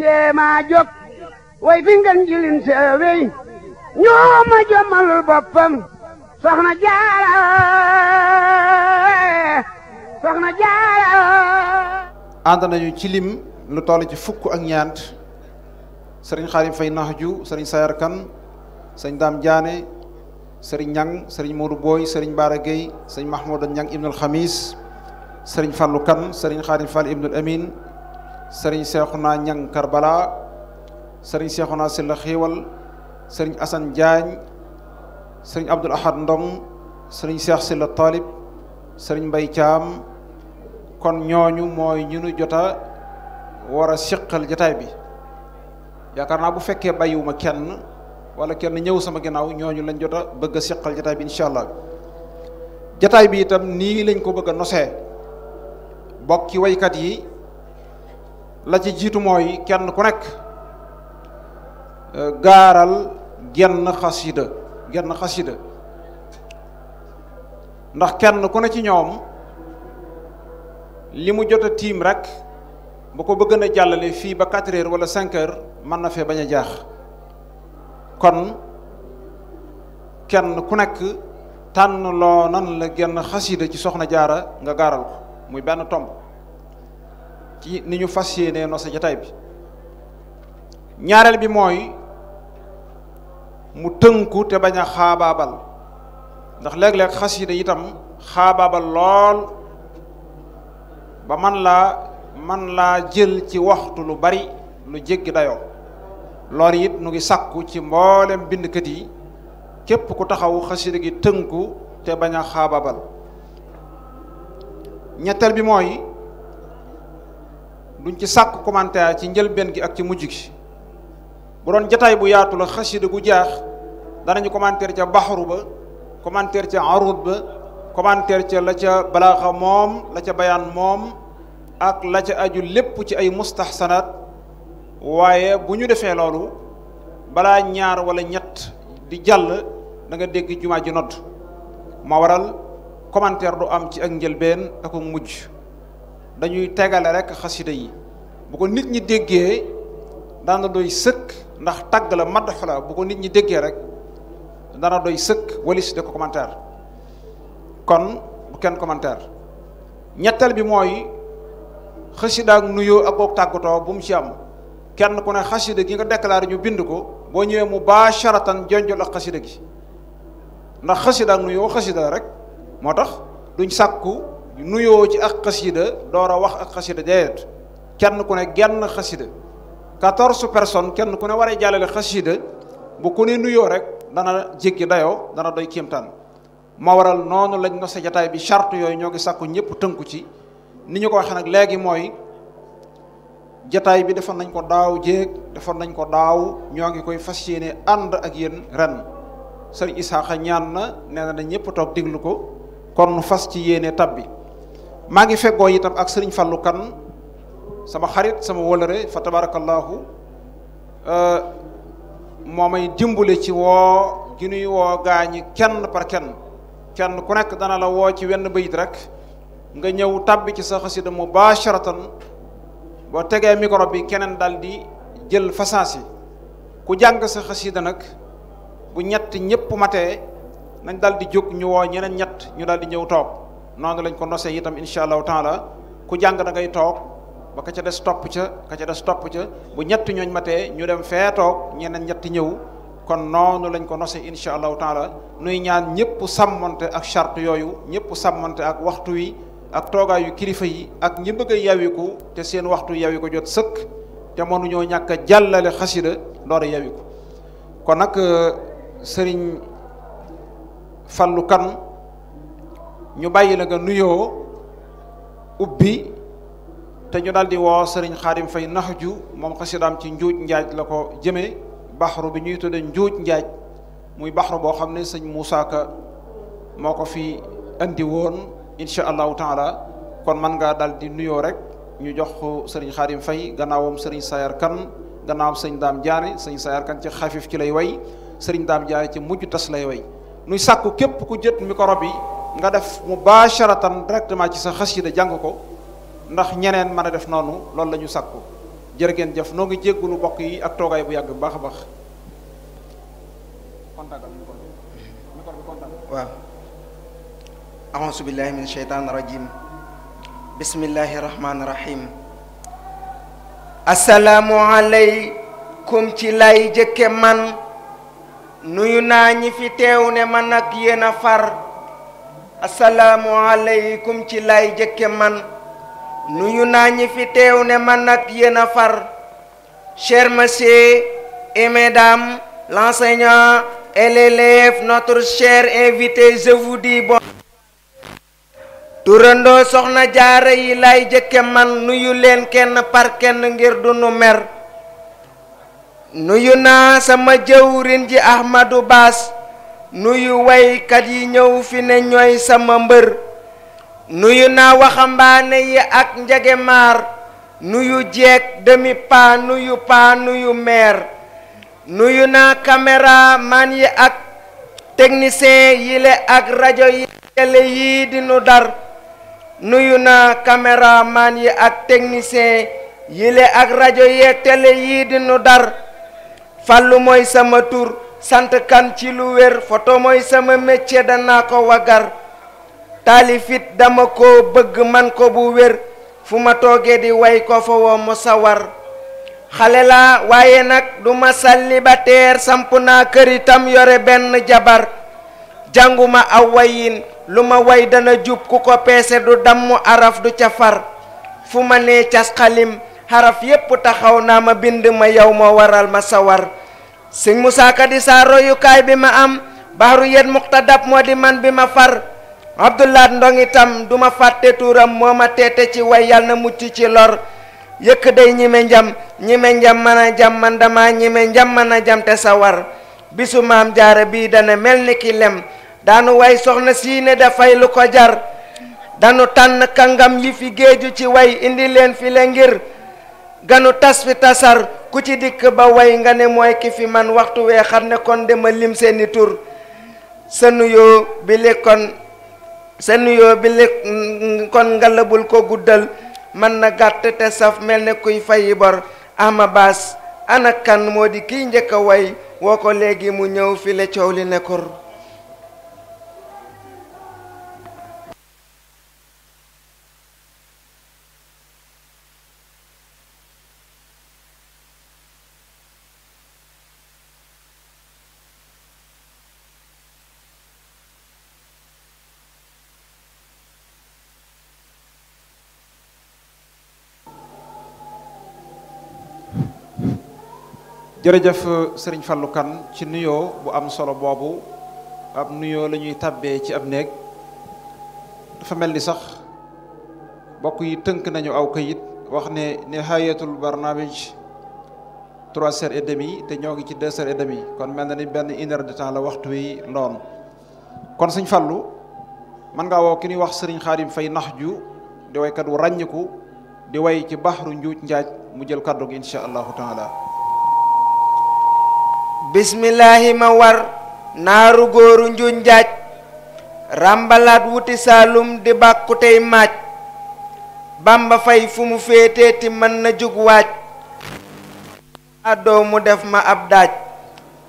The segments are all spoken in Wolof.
jéema jóg way fi ngeen jilin seewey ñoo ma jommalul boppam soxna jaara soxna jaara ànd nañu ci lim lu toll ci fukk ak ñaant sëriñ Xaadim Fay Naxju sëriñ Sayar Kan sëriñ Daam Jaane sëriñ Ñang sëriñ Moodu Booy sëriñ Baara Géy sëriñ Mahmuda Ñang ibnul Xamis sëriñ Fallu Kan sëriñ Xaadim Fall ibnul Amin sëriñ Seexuna Ñang Karbala sëriñ Seexuna Silla Xiiwal sëriñ Asan Jaañ sëriñ Abdul Ahad Ndong sëriñ Seex Silla Taalib sëriñ Mbay Caam kon ñooñu mooy ñu nu jota war a siqal jataay bi yaakaar naa bu fekkee bàyyiwuma kenn walla kenn ñëw sama ginnaaw ñooñu lañ jota bëgg a jataay bi incha allah jataay bi itam nii lañ ko bëgg a nosee bokki waykat yi la ci jiitu mooy kenn ku nekk euh, gaaral genn xasida genn xasida ndax kenn ku ne ci ñoom li mu jot a tiim rek bu ko bëgg na jàllale fii ba quatre heures wala cinq heures mën na fee bañ a jaax kon kenn ku nekk tànn loo la genn xasida ci soxna jaara nga gaaral ko muy benn tomb ci ni ñu fas yéenee noose jataay bi ñaareel bi mooy mu tënku te bañ a xaabaabal ndax léeg-léeg xasida itam xaabaabal lool ba man laa man laa jël ci waxtu lu bari lu jéggi dayoo loolu it nu ngi sàkku ci mboolem bindkat yi képp ku taxaw xasida gi tënku te bañ a xaabaabal ñetteel bi mooy duñ ci sàkk commentaire ci njëlbeen gi ak ci mujj gi bu doon jataay bu yaatu la xasida gu jaax danañu commentaire ca baxaru ba commentaire ca arud ba commentaire ca la ca balaaxa moom la ca bayaan moom ak la ca aju lépp ci ay mustaxsanaat waaye bu ñu defee loolu balaa ñaar wala ñett di jàll danga dégg jumaa ji nodd ma waral commentaire du am ci ak njëlbeen ko mujj dañuy tegale rek xasida yi bu ko nit ñi déggee dana doy sëkk ndax tagg la maddax la bu ko nit ñi déggee rek dana doy sëkk walis de ko commentaire kon bu kenn commentaire ñetteel bi mooy xasida ak nuyoo ak boog tàggatoo bu mu ci am kenn ku ne xasida gi nga déclaré ñu bind ko boo ñëwee mu baasharatan jonjol ak xasida gi ndax xasida ak nuyoo xasida rek moo tax duñ sàkku nuyoo ci ak xasida door a wax ak xasida déedéet kenn ku ne genn xasida quatorze personnes kenn ku ne waree jàllale xasida bu ku ne nuyoo rek dana jéggi dayoo dana doy kéemtaan moo waral noonu lañ no sa jataay bi charte yooyu ñoo ngi sàkku ñëpp tënku ci ni ñu ko waxee nag léegi mooy jataay bi defoon nañ ko daaw jéeg defoon nañ ko daaw ñoo ngi koy fas yéene ànd ak yéen ren sëriñ Isaaxa ñaan na nee na ñëpp toog déglu ko kon fas ci yéene tab bi maa ngi feggoo itam ak sëriñ Fallou kan sama xarit sama wolore fa tabarakallahu euh, moo may dimbale ci woo gi nuy woo gaañi kenn par kenn kenn ku nekk dana la woo ci wenn bayit rek nga ñëw tàbbi ci sa xasida mubasharatan boo tegee micro bi keneen dal di jël fasaasi ku jàng sa xasida nag bu ñett ñëpp matee nañ dal di jóg ñu woo ñeneen ñett ñu dal di ñëw toog noonu lañ ko nosee itam incha allahu taala ku jàng da ngay toog ba ka ca des topp ca ka ca des topp ca bu ñetti ñooñ matee ñu dem fee toog ñeneen ñetti ñëw kon noonu lañ ko nosee incha allahu taala nuy ñaan ñëpp sàmmante ak charte yooyu ñëpp sàmmante ak waxtu wi ak toogaayu kilifa yi ak ñi bëgg yawiku te seen waxtu yawiku jot sëkk te mënuñoo ñàkk a jàllale xasida door a yawiku kon nag euh, sëriñ Fallu Kan ñu bàyyi la nga nuyoo ubbi te ñu daal di woo sëriñ xaadim fay ju moom xasidaam ci njuuj njaaj la ko jëmee baxru bi ñuy tudde njuuj njaaj muy baxru boo xam ne sëñ Moussa moo ko fi andi woon incha allahu taala kon man ngaa daal di nuyoo rek ñu jox sëriñ xaadim fay gannaawam sëriñ sayar kan gannaawam sëñ daam jaane sëñ sayar kan ci xafif ci lay way sëriñ daam jaane ci mujj tas lay way nuy sàkku képp ku jët micro bi nga def mubasharatan directement ci sa xasida jàng ko ndax ñeneen mën a def noonu loolu la ñu sàkku jërë jëf noo ngi jéggulu bokk yi ak toogaay bu yàgg baax a baax waaw ahousubillahi min sheytaan rajim bismillahi rahmaani rahim ci lay jëkke man nuyu naa ñi fi teew ne man ak yéen far asalaamualeykum ci lay jëkke man nuyu naa ñi fi teew ne man ak yéen a far chers messieurs et mesdames l'enseignant et notre cher invité je bon turandoo soxna jaara yi lay jëkke man nuyu leen kenn par kenn ngir du nu mer nuyu naa sama jëwrin ji Ahmadou Baas nuyu waykat yi ñëw fi ne ñooy sama mbër nuyu naa waxambaane yi ak njegemaar nuyu jeeg demi paanu yu paa yu meer nuyu naa caméraman yi ak technicien yile ak rajo yi télé yii di nu dar nuyu naa caméraman yi ak technicien yile ak rajo yi télé yii di nu dar fàllu mooy sama tur sant kan ci lu wér photo mooy sama métier dana ko wagar taalifit dama ko bëgg man ko bu wér fu ma toogee di way ko fa woo sawar xale la waaye nag du ma célibataire samp naa kër itam yore benn jabar jànguma aw wayin lu ma way dana jub ku ko peese du damm araf du ca far fu ma nee cas xalim xaraf yépp taxaw naa ma bind ma yow ma waral ma sawar sëñ Moussa Ka di saa royukaay bi ma am baxru yet muqtadab moo di man bi ma far abdoulaat ndong itam du fàtte tuuram moo ma teete ci way yal na mucc ci lor yëkk day ñime njam ñime njam mën a jam man dama ñime njam mën a jam te sawar bisu maam jaara bii dana mel ni kilem lem daanu way soxna sii dafay lu ko jar danu tànn kàngam yi fi géeju ci way indi leen fi ngir ganu tas fi tasar ku ci dikk ba way nga ne mooy ki fi man waxtu wee xam ne kon dema lim seeni tur sa nuyoo bi kon sa nuyoo bi li kon ngalabul ko guddal mën na gàtt te saf mel ne kuy fayi bor ama baas ana moo di kiy njëkk a way woo ko léegi mu ñëw fi le coow li ne kor jërëjëf sëriñ Fallou Kane ci nuyoo bu am solo boobu ab nuyoo lañuy ñuy ci ab néeg dafa mel ni sax bokk yi tënk nañu aw kayit wax ne nihayatul barnamij trois heures et demi te ñoo ngi ci deux heures et kon mel na ni benn une heure la waxtu wi loon kon sëñ Fallou mën ngaa woo ki nuy wax sëriñ Xaadim Fay ju di waykat wu ràññiku di way ci baxru njuuj njaaj mu jël kàddu gi incha allahu taala bismillaahi ma war naaru góoru njuuj njaaj ràmbalaat wuti saalum di bàkku tey maaj bamba fay fu mu féeteeti mën na jóg waaj àddoo mu def ma ab daaj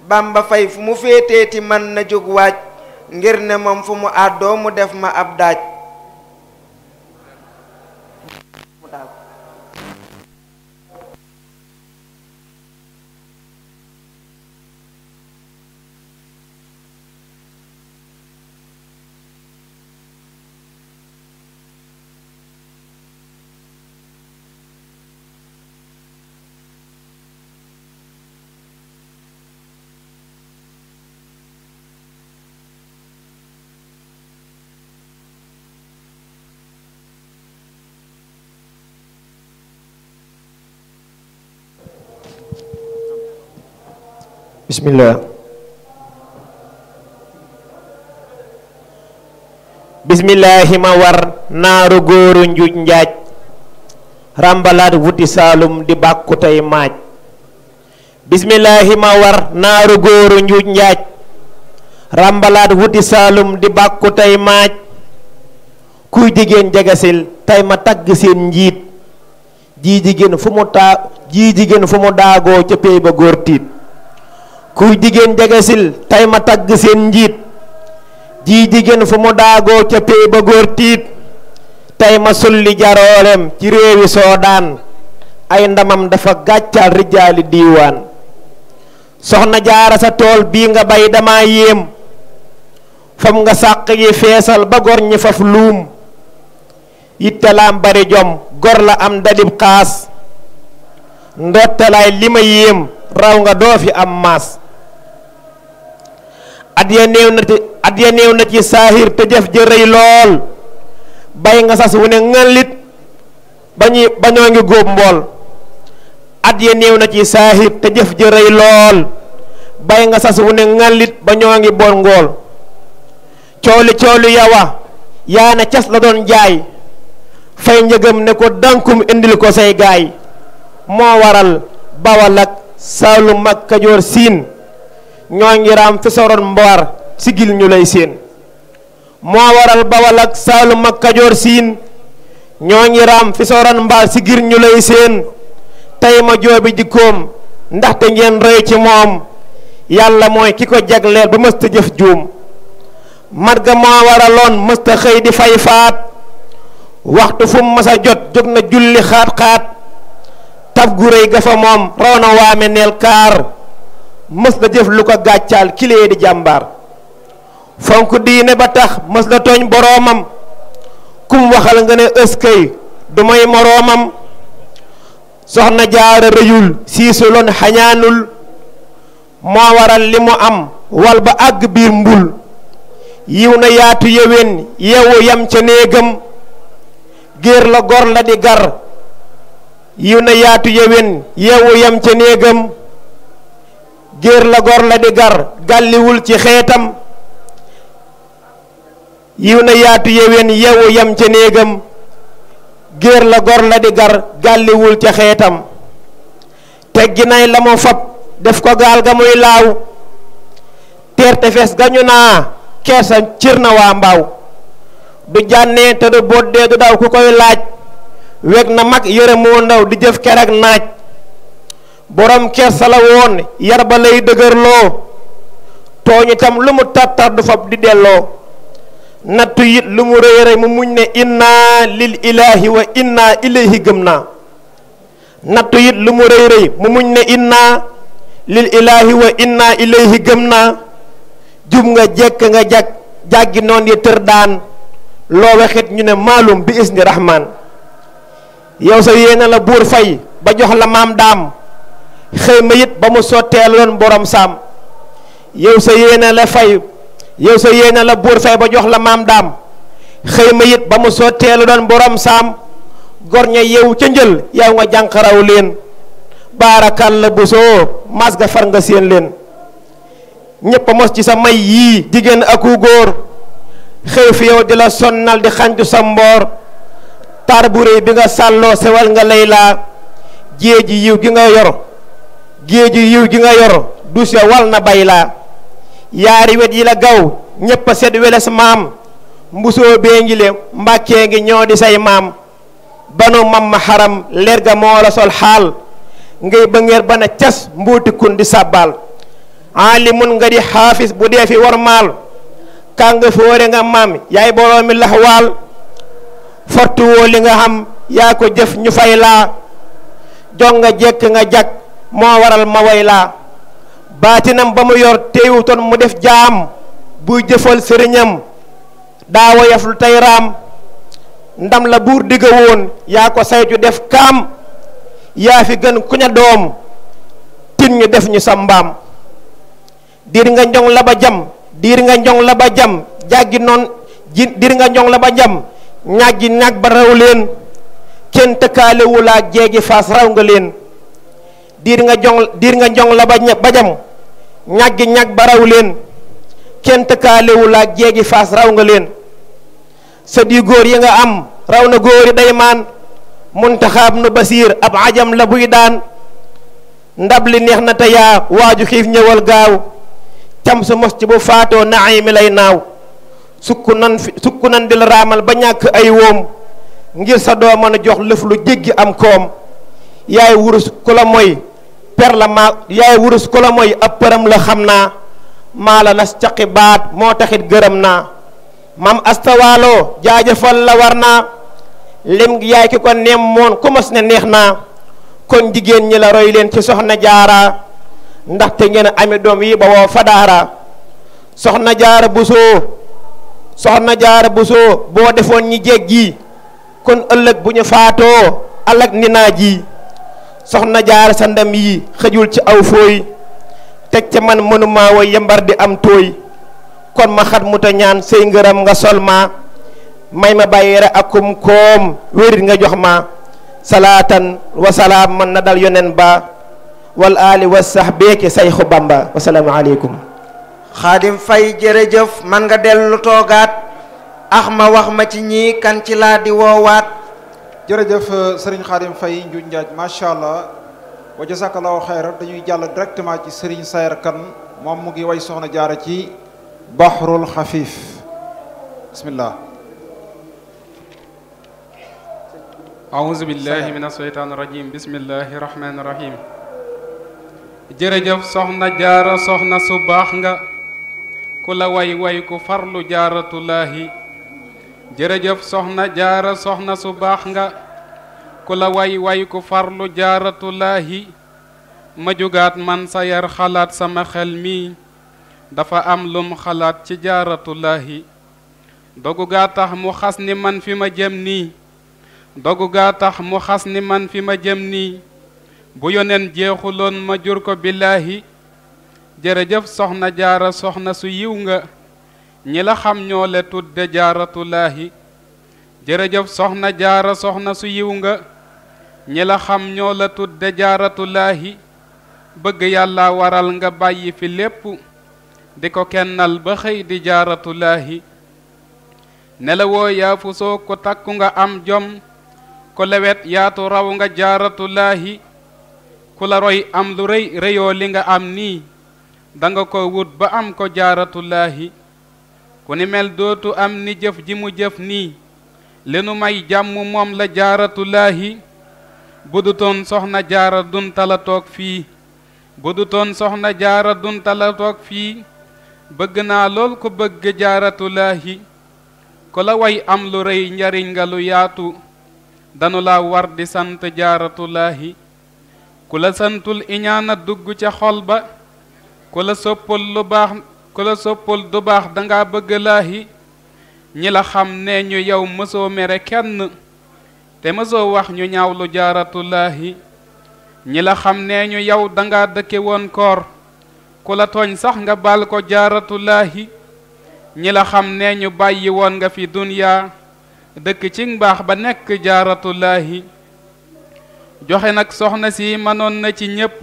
bamba fay fu mu féeteeti mën na jóg waaj ngir ne moom fu mu àddoo mu def ma ab daaj bismillah bismillahi ma war naaru góoru njuuj njaaj ràmbalaat wuti saalum di bàkku tey maaj bismillahi ma war naaru góoru njuuj njaaj ràmbalaat wuti saalum di bàkku tey maaj kuy jigéen jegesil tey ma tagg seen njiit jii jigéen fu mu taa jii jigéen fu mu daagoo ca péy ba kuy jigéen jegesil tey ma tagg seen njiit jii jigéen fu mu daagoo ca pee ba góor tiit tey ma sulli jaroolem ci réewi soodaan ay ndamam dafa gàccaal rijaali diiwaan soxna jaara sa tool bii nga bay dama yéem fam nga sàq yi feesal ba gor ñi faf luum yittalaam bari jom gor la am dalib xaas ndottalaay li ma yéem raw nga doo fi am maas at ya néew na ci at ya néew na ci saahir te jëf ja rëy lool bay nga sas wu ne ŋàllit ba ñuy ba ñoo ngi góob mbool at ya néew na ci saahir te lool bay nga sas wu ne ba ngool cooli cooli yawa yaa ne cas la doon jaay fay njëgam ne ko dankum indil ko say gaay moo waral bawal ak saalum ak kajoor siin ñoo ngi raam fi soroon mboor sigil ñu lay seen moo waral bawal ak saalum ak kajoor siin ñoo ngi raam fi soroon mbaar sigil ñu lay seen tey ma joobi jikkoom ndaxte ngeen roy ci moom yàlla mooy ki ko jagleel ba mësta jëf juum mat ga moo waraloon mësta xëy di fay faat waxtu fu masa jot jóg na julli xaat-xaat tab gu rëy ga fa moom raw na waame neel kaar mës na jëf lu ko gàccaal kilee di jàmbaar fonk diine ba tax mës na tooñ boroomam kum waxal nga ne ëskay du may soxna jaara rëyul siisuloon xañaanul moo waral li mu am wal ba àgg biir mbul yiw na yaatu yewén yewu yam ca néegam géer la gor la di gar yiw na yaatu yewén yewu yam ca néegam géer la gor la di gar gàlliwul ci xeetam yiw na yaatu yeween yewu yam ca néegam géer la gor la di gar gàlliwul ca xeetam teggi nay la mu fab def ko gaal ga muy laaw teer tefes ga ñu naa kersa cir na waa mbaaw du jànnee te du boddee du daw ku koy laaj weg na mag yére moo ndaw di jëf ker ak naaj borom kersa la woon yar ba lay dëgërloo tooñ itam lu mu tàttar du fab di delloo nattu it lu mu rëy rëy mu muñ ne inna lil ilaahi wa inna gëm naa nattu ilaahi gëm naa jub nga jekk nga jag jàggi noon yi tër daan loo waxit ñu ne maalum bi isni rahmaan yow sa yéena la buur fay ba jox la maam daam xëy ma it ba mu sotteeloon borom saam yow sa yéene la fay yow sa yéene la buur fay ba jox la maam daam xëy ma it ba mu sotteeloon borom saam gor ña yow ca njël yow nga jànqaraw leen baarakal la busoo mas ga far nga séen leen ñépp a mos ci sa may yii jigéen aku góor xëy fi yow di la sonnal di xanju sa mboor taar bu réy bi nga sàlloo sewal nga lay laa jéeji yiw gi nga yor géeju yiw gi nga yor dus ya wal na bay laa yaari wet yi la gaw ñépp a set weles maam mbusoo bee ngi le ngi ñoo di say maam banu mam ma xaram leer ga moo la sol xaal ngay bëngeer bana cas mbuuti kun di sàbbaal aalimun nga di xaafis bu dee fi war maal kàng foore nga maam yaay boroomi lax waal fortuwoo li nga xam yaa ko jëf ñu fay laa jox nga jekk nga jak moo waral ma way laa baatinam ba mu yor téewutoon mu def jaam buy jëfal sëriñam daa woyof lu tey raam ndam la buur digga woon yaa ko saytu def kaam yaa fi gën ku ña doom tin ñu def ñu sa mbaam diir nga njong la ba jam diir nga njong la ba jam jàggi noon ji diir nga njong la ba jam ñàggi ñàg ba raw leen kenn tëkkaalewul ak jeegi faas raw nga leen diir nga jong diir nga jong la ba ba jam ñàggi ñàg ba raw leen kenn tëkkaalewu laag jéegi faas raw nga leen sa di góor yi nga am raw na góor yi day maan muntaxaab nu basiir ab ajam la buy daan ndab li neex na te yaa waaju xiif ñëwal gaaw cam su mos ci bu faatoo naayimi lay naaw sukku nan fi sukku nan di raamal ba ñàkk ay woom ngir sa doo jox lëf lu jéggi am koom yaay wurus ku la moy per la maa yaay wurus ku la mooy ab përam la xam na maa la nas caqi baat moo taxit gërëm naa mam astawaaloo jaajëfal la war naa lim gi yaay ki ko neem ku mos ne neex na kon jigéen ñi la roy leen ci soxna jaara ndaxte ngeen ami doom yi ba woo fadaara soxna jaara busoo soxna jaara busoo boo defoon ñi jéggi kon ëllëg bu ñu faatoo alak ni naa ji soxna jaar sa ndam yi xëjul ci aw fooy teg ca man mënuma wa yembar di am tooy kon ma xat mu ta ñaan sëy ngërëm nga sol ma may ma bàyyi rek akum koom wérit nga jox ma salaatan wa man na dal yonen ba wal ali wa sax beeke sayxu bamba wasalaamu aleykum xaadim fay jërëjëf man nga dellu toogaat ax ma wax ma ci ñii kan ci laa di woowaat jërëjëf euh, Serigne Khadim Faye Ndiou macha allah wa jazakallahu xayran dañuy jàll directement ci Serigne Sayer moom mu ngi way soxna jaara ci bahrul xafiif bismillah aouzu billahi min asheytaan rajim bismillahi rahmaani rahim jërëjëf soxna jaara soxna su baax nga ku la way way ku farlu jaaratulaahi jërëjëf soxna jaara soxna su baax nga ku la way way ku farlu jaaratulaahi ma jugaat man sa yar xalaat sama xel mii dafa am lum xalaat ci jaaratulaahi dogu gaa tax mu xas ni man fi ma jëm nii dogu gaa tax mu xas ni man fi ma jëm nii bu yoneen jeexuloon ma jur ko billaahi jërëjëf soxna jaara soxna su yiw nga ñi la xam ñoo le tudde jaaratulaahi jërëjëf soxna jaara soxna su yiw nga ñi la xam ñoo la tudde jaaratulaahi bëgg yàlla waral nga bàyyi fi lépp di ko kennal ba xëy di jaaratulaahi nelawoo yaa fu soo ko takku nga am jom ko lewet yaatu raw nga jaaratulaahi ku la roy am lu rëy rëyoo li nga am nii danga ko wut ba am ko jaaratulaahi ku ni mel dootu am ni jëf ji mu jëf nii li nu may jàmm moom la jaaratulaahi budutoon soxna jaara dunta la toog fii budutoon soxna jaara dunta fii bëgg naa lool ko bëgg jaaratulaahi ku la woy am lu rëy njariñ nga lu yaatu danu la war di sant jaaratulaahi ku la santul iñaana dugg ca xol ba ku la soppal lu baax ku la soppal du baax danga bëgg laahi ñi la xam nee ñu yow mësoo mere kenn te mësoo wax ñu ñaaw lu jaaratu laahi ñi la xam nee ñu yow danga dëkke woon koor ku la tooñ sax nga baal ko jaaratu ñi la xam nee ñu bàyyi woon nga fi duniyaa dëkk ci mbaax ba nekk jaaratu laahi joxe nag soxna si mënoon na ci ñépp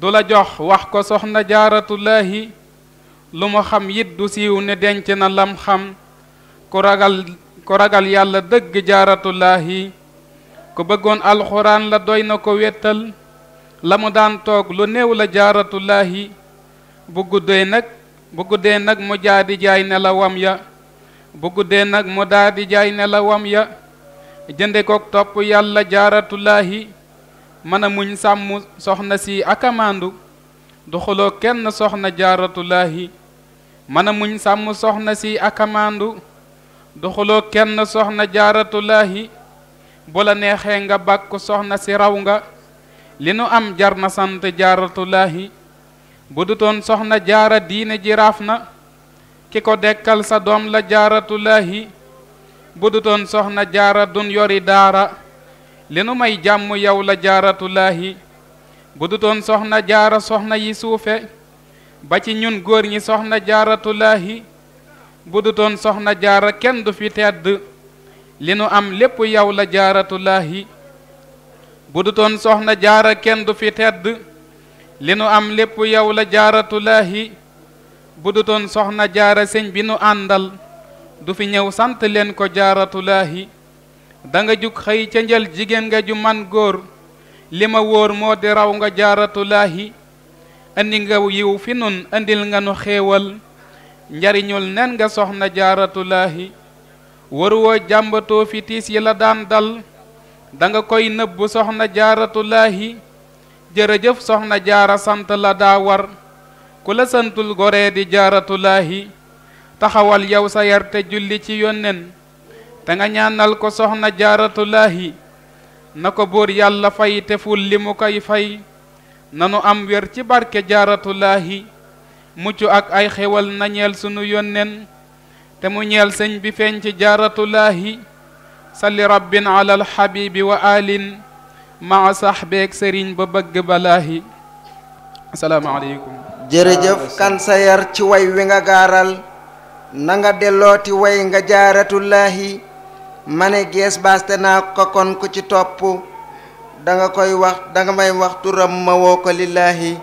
du la jox wax ko soxna jaaratu laahi lu mu xam yit du siiw ne denc na lam xam ku ragal ku ragal yàlla dëgg jaaratullaahi ku bëggoon alxuraan la doy na ko wettal la mu daan toog lu néew la jaaratullaahi bu guddee nag bu guddee nag mu jaadi jaay ne la wam ya bu guddee nag mu daadi jaay ne la wam ya jënde kook topp yàlla jaaratullaahi mën a muñ sàmm soxna si akamaandu doxuloo kenn soxna jaaratullaahi mën a muñ sàmm soxna si akamaandu doxuloo kenn soxna jaaratullaahi bu la neexee nga bàkk soxna si raw nga li nu am jar na sant jaaratullaahi bu dutoon soxna jaara diine ji raaf na ki ko dekkal sa doom la jaaratullaahi bu dutoon soxna jaara dun yori daara li nu may jàmm yow la jaaratullaahi bu dutoon soxna jaara soxna yi suufe ba ci ñun góor ñi soxna jaaratulaahi bu dutoon soxna jaara kenn du fi tedd li nu am lépp yow la jaaratulaahi bu dutoon soxna jaara kenn du fi tedd li nu am lépp yow la jaaratulaahi bu dutoon soxna jaara sëñ bi nu àndal du fi ñëw sant leen ko jaaratulaahi da danga jug xëy ca njël jigéen nga ju man góor li ma wóor moo di raw nga jaaratulaahi andi nga yiw fi nun indil nga nu xéewal njariñul nen nga soxna jaaratulaahi waruwoo jàmbatoo fi tiis yi la daan dal danga koy nëbb soxna jaaratulaahi jërëjëf soxna jaara sant la daa war ku la santul goree di jaaratulaahi taxawal yow sa yar te julli ci yonnen te nga ñaanal ko soxna jaaratulaahi na ko buur yàlla fay te ful li mu koy fay nanu am wér ci barke jaaratullaahi mucc ak ay xewal na ñeel sunu yónneen te mu ñeel sëñ bi feeñ ci jaaratullaahi salli rabbin ala alxabibi wa alin maa sax beeg sëriñ ba bëgg balaahi asalaamaaleykum jërëjëf kan sa yar ci way wi nga gaaral na nga dellooti way nga jaaratullaahi ma ne gees baaste naa ko kon ku ci topp danga koy wax danga may wax turam ma woo ko lillaahi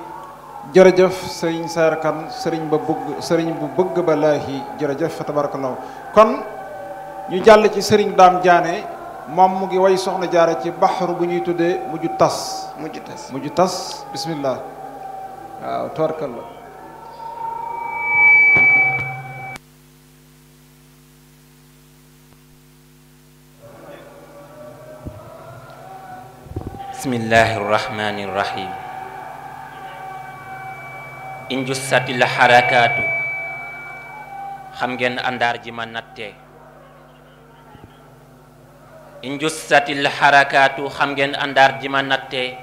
jërëjëf sëriñ Saar Kan sëriñ ba bëgg sëriñ bu bëgg ba laahi jërëjëf fa tabarakallahu kon ñu jàll ci sëriñ daam jaane moom mu ngi way soxna jaare ci baxru bu ñuy tuddee mujj tas mujju tas mujju tas bismillah waaw bismillahi irrahmani irrahim injussati la xarakaatu xam ngeen àndaar ji ma nattee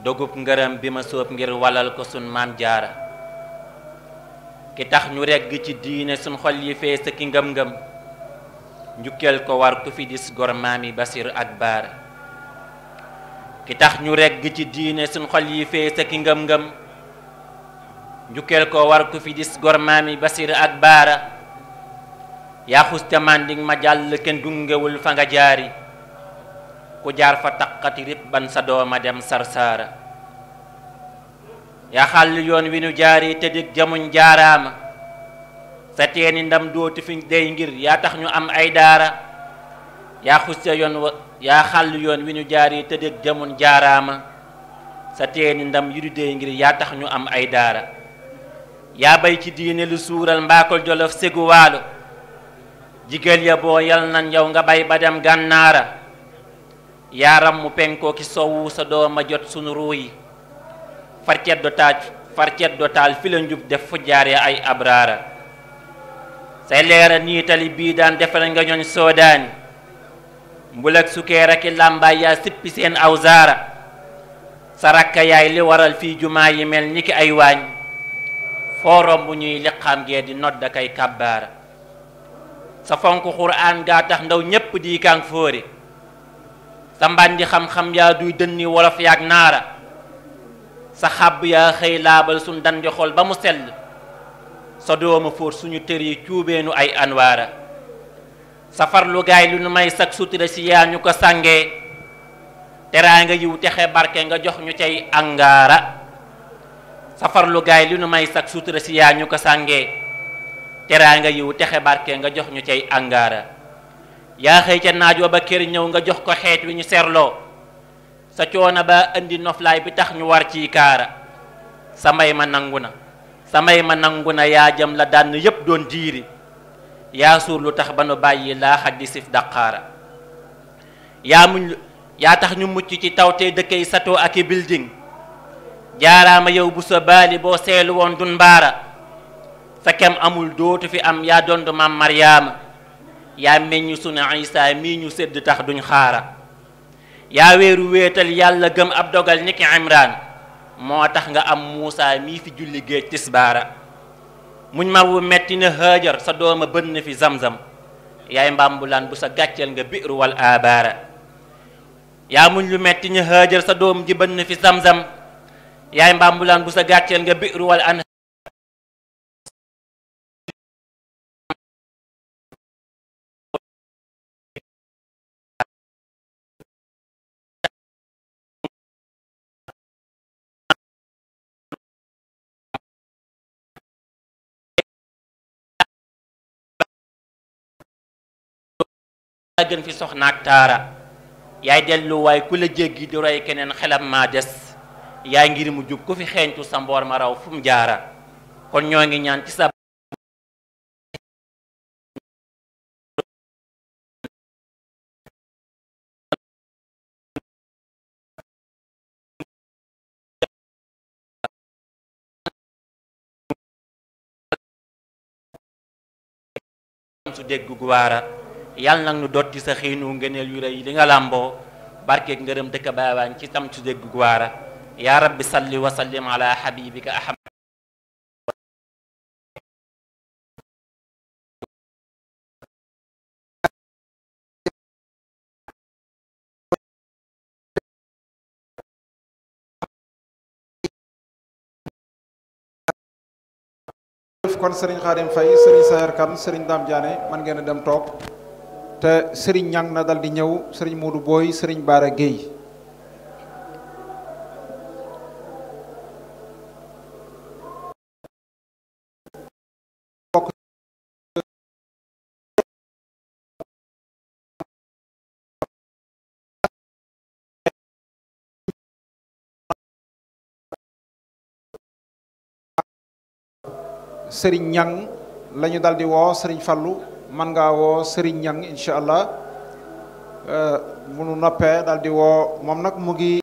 dogub ngërëm bi ma sóob ngir walal ko sun maam jaara ki tax ñu regg ci diine sun xol yi fees ki ngëm-ngëm njukkeel ko war ku fi dis gor maami basir ak baara ki tax ñu regg ci diine suñ xol yi fees ak ngëm-ngëm njukkeel ko war ku fi dis gormaami basir ak baara yaa xuste manding ma jàll kenn gungewul fa nga jaari ku jaar fa taqati rib ban sa dooma dem sarsaara yaa xàll yoon wi nu jaari te dig jamuñ jaaraama sa teeni ndam dootu fi dey ngir yaa tax ñu am ay daara yaa xuste yoon yaa xàll yoon wi ñu jaar yi tëddeeg jamun jaaraama sa teeni ndam yu du dee ngir yaa tax ñu am ay daara yaa bay ci diine lu suural mbaakol jolof ségu jigéen ya boo yal nan yow nga bay ba dem gànnaara yaaram mu penkoo ki sowwu sa dooma jot suñu ruu yi farcet do taaj farcet do njub def fu jaare ay abraara say leera niitali bii daan defal nga ñooñ soodaani mbulak sukkeer ak i làmbaay yaa sippi seen aw zaara sa rakka yaay li waral fii jumaa yi mel ni ki ay waañ foo romb ñuy liqaam gee di nodd ak ay kàbbaara sa fonk xuraan gaa tax ndaw ñépp di kaang fóore sa mbàndi xam-xam yaa duy dënni wolof yaag naara sa xàbb yaa xëy laabal suñ dandi xol ba mu sell sa dooma fóor suñu tër yi cuubeenu ay anwaara safar lu gaay lu nu may sag sutura si yaa ñu ko sàngee teraa nga texe barke nga jox ñu cay angaara lu gaay may sag sutura si yaa ñu ko sangee teraa nga yiw texe barke nga jox ñu cay angaara yaa xëy ca naajoo ba kër ñëw nga jox ko xeet wi ñu seerloo sa coono ba indi noflaay bi tax ñu war ciy kaara sa may ma nangu na sa may ma nangu na yaa jëm la daan yépp doon jiiri yaa suur lu tax ba nu bàyyi laaxa di sif daqaara yaa muñ yaa tax ñu mucc ci taw te dëkkay sato ak i building jaaraama yow bu sa baali boo seelu woon dun mbaara sa kem amul dootu fi am yaa dond maam maryaama yaa meññ sunu isa mii ñu sedd tax duñ xaara yaa wéeru wéetal yàlla gëm ab dogal niki imraan moo tax nga am muusa mii fi julli géej tisbaara muñ mar wu metti na haajar sa dooma bën na fi zamzam yaay mbambulaan bu sa gàcceel nga biiru wal abaara yaa muñ lu metti na haajar sa doom ji bën na fi zamzam yaay mbambulaan bu sa gàcceel nga bi ruwal an yaa gën soxna soxnaak taara yaay delluwaay ku la jéggi di roy keneen xelam maa des yaay ngir mu jub ku fi xeeñtu sa mboor ma raw fu jaara kon ñoo ngi ñaan ci sa su dégg gu waara yàlla nag nu dotti sa xiinu ngëneel yu rëy li nga làmboo barkeeg ngërëm dëkk baawaan ci tam ci dégg guwaara yaa rabbi salli wa sallim ala habibika ahmad kon Serigne Khadim Faye Serigne man ngeen dem toog te Serigne Ñang na dal ñëw Serigne Modou Boy Serigne Bara Gueye Serigne Ñang la ñu woo Serigne Fallou man nga woo Serigne Niang incha allah euh, munu noppee daal woo moom nag mu ngi.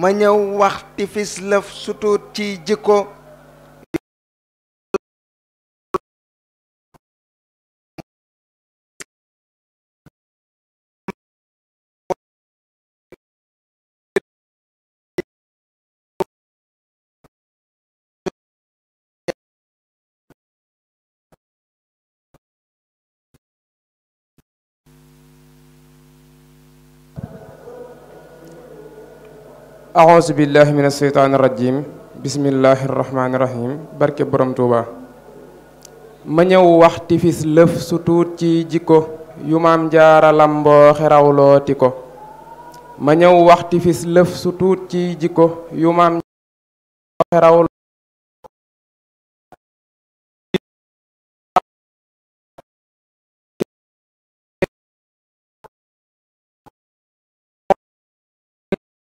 ma ñëw wax tifis lëf sutuut ci jikko axusu billahi min asheytaani irajim bismillahi irrahmaani irahim barke borom tuuba ma ñëw wax tifis lëf su tuut ci jikko yu maam xerawlooti ko ma ñëw wax tifis lëf su tuut ci jikko yu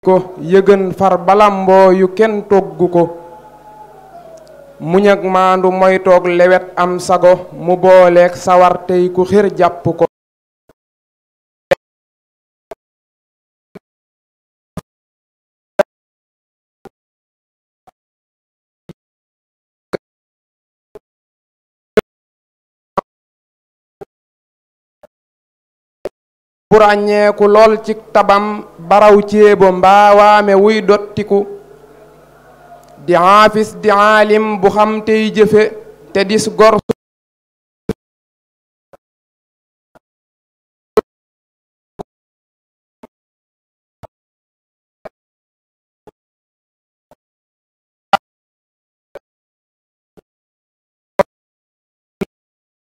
ko yëgën far balamboo yu kenn toggu ko mu ak maandu mooy toog lewet am sago mu booleeg sawar tey ku xër jàpp ko bu ràññeeku lool ci tabam baraw ceebo mbaawaame wuy dottiku di xaafis di xaalim bu xam tey jëfe te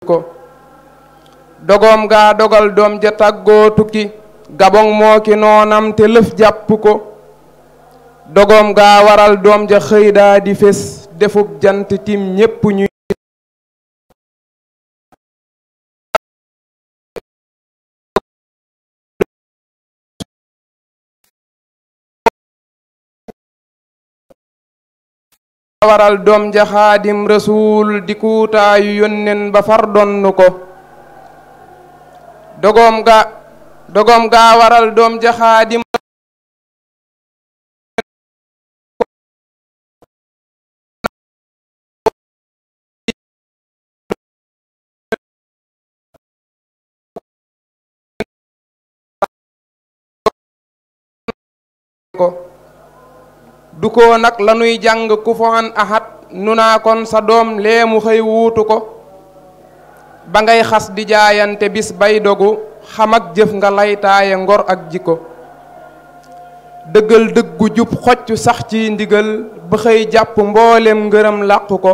gor dogom gaa dogal doom ja tàggoo tukki gabong moo ki noonam te lëf jàpp ko dogoom gaa waral doom ja xëy daa di fés defub jant tim ñépp ñuy waral doom ja xaadim rasuul di kuutaayu yónneen ba far donn ko dogom ga dogoom gaa waral doom ja xaadim ko du nag lanuy jàng ku foxan axat nu naa kon sa doom leemu xëy wuutu ko ba ngay xas di jaayante bis bay dogu xam ak jëf nga laytaaye ngor ak jikko dëggal dëggu jub xocc sax ci ndigal ba xëy jàpp mboolem ngërëm làqu ko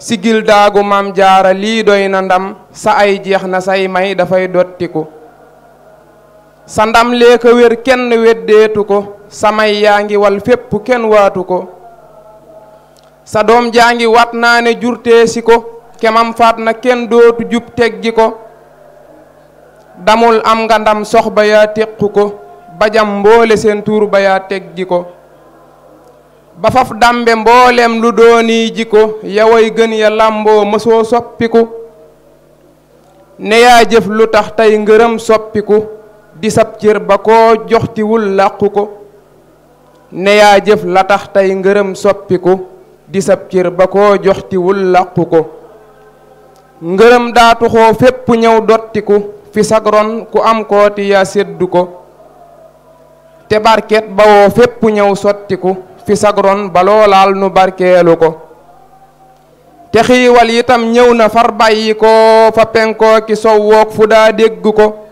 sigil daagu maam jaara lii doy na ndam sa ay jeex na say may dafay dottiku sa ndam lee ko wér kenn weddeetu ko samay yaa ngi wal fépp kenn waatu ko sa doom jaa ngi wat naa ne jurtee ko kemam faat na kenn dootu jub teg ji ko damul am nga ndam sox ba yaa tequ ko bajam mboole seen tuur ba yaa teg ji ko ba faf dambe mboolem lu dooni ji ko yaway gën ya làmboo mësoo soppiku ne yaa jëf lu tax tey ngërëm soppiku di sab cër ba koo joxtiwul làqu ko ne yaa jëf la tax tey ngërëm soppiku di sab cër ba koo joxtiwul làqu ko ngërëm daa tuxoo fépp ñëw dottiku fi sagron ku am kooti yaa séddu ko te barket bawoo fépp ñëw sottiku fi sagron ba loolaal nu barkeelu ko te xiiwal yitam ñëw na far bàyyi ko fa penkoo ki sowwoog fu daa dégg ko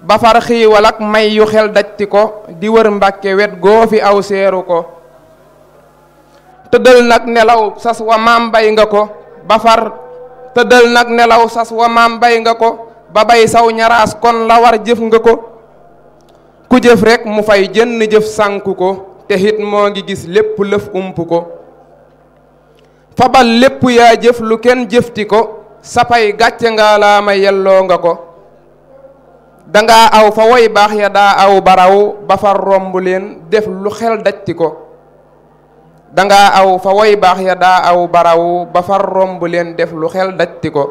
ba far xiiwal ak may yu xel dajti ko di wër mbàkke wet goo fi aw seeru ko tëddal nag nelaw sas wa maam bay nga ko ba far tëddal nag nelaw sas wa maam bay nga ko ba bay saw ñaraas kon la war jëf nga ko ku jëf rekk mu fay jënn jëf sànk ko te it moo ngi gis lépp lëf ump ko fabal lépp yaa jëf lu kenn jëfti ko sapay gàcce nga laa ma yelloo nga ko danga aw fa woy baax ya daa aw baraw ba far romb leen def lu xel dajti ko danga aw fa woy baax ya daa aw baraw ba far romb leen def lu xel dajti ko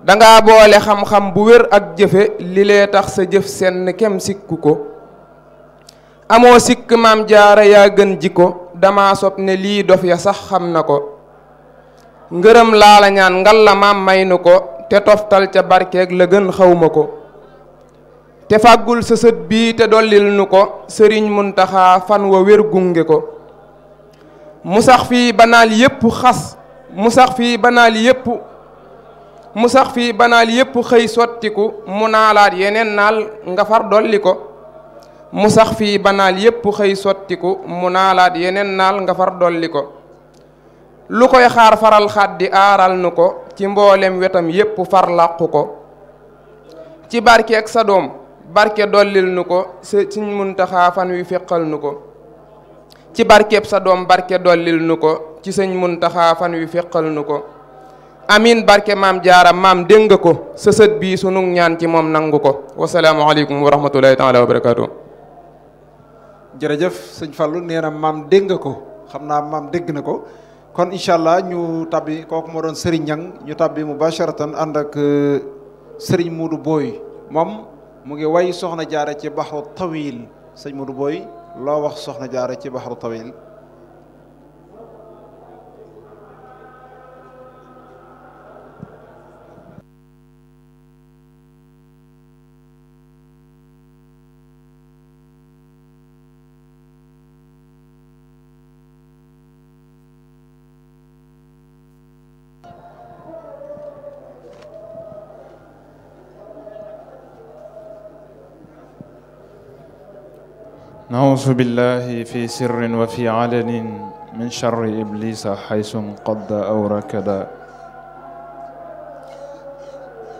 danga boole xam-xam bu wér ak jëfe li lee tax sa jëf seen kem sikku ko amoo sikk maam jaaro yaa gën ji ko dama sob ne lii dof ya sax xam na ko ngërëm laa la ñaan ngal maam may nu ko te toftal ca barkeeg la gën xawma ko te fàggul sa sët bi te dollil nu ko sëriñ muntaxaa fan wa wér gunge ko mu sax fii banaal yépp xas mu sax fii banaal yépp mu sax fii banaal yépp xëy sottiku mu naalaat yeneen naal nga far dolli ko mu sax fii banaal yépp xëy sottiku mu naalaat yeneen naal nga far dolli ko lu koy xaar faral xaddi aaral nu ko ci mboolem wetam yépp far làqu ko ci barkeeg sa doom barke dollil nu ko sëñ Muntaxa fan wi féqal nu ko ci barkeb sa doom barke dollil nu ko ci sëñ Muntaxa fan wi feqal nu ko amin barke maam jaara maam dégg ko sa sët bii sunu ñaan ci moom nangu ko wasalaamualeykum wa rahmatulahi taala wa barakaatu jërëjëf sëñ Fallou maam dégg ko xam naa maam dégg na ko kon incha allah ñu tabbi kooku moo doon Serigne Niang ñu tabbi mubasharatan ànd ak euh, Serigne Modou Boy moom mu ngi way soxna jaara ci baxru tawil sëñ Modou Boy loo wax soxna jaara ci baxaru tawil nausu billahi fi sirrin wa fi alanin min charri iblisa xaysu nqadda aw rakada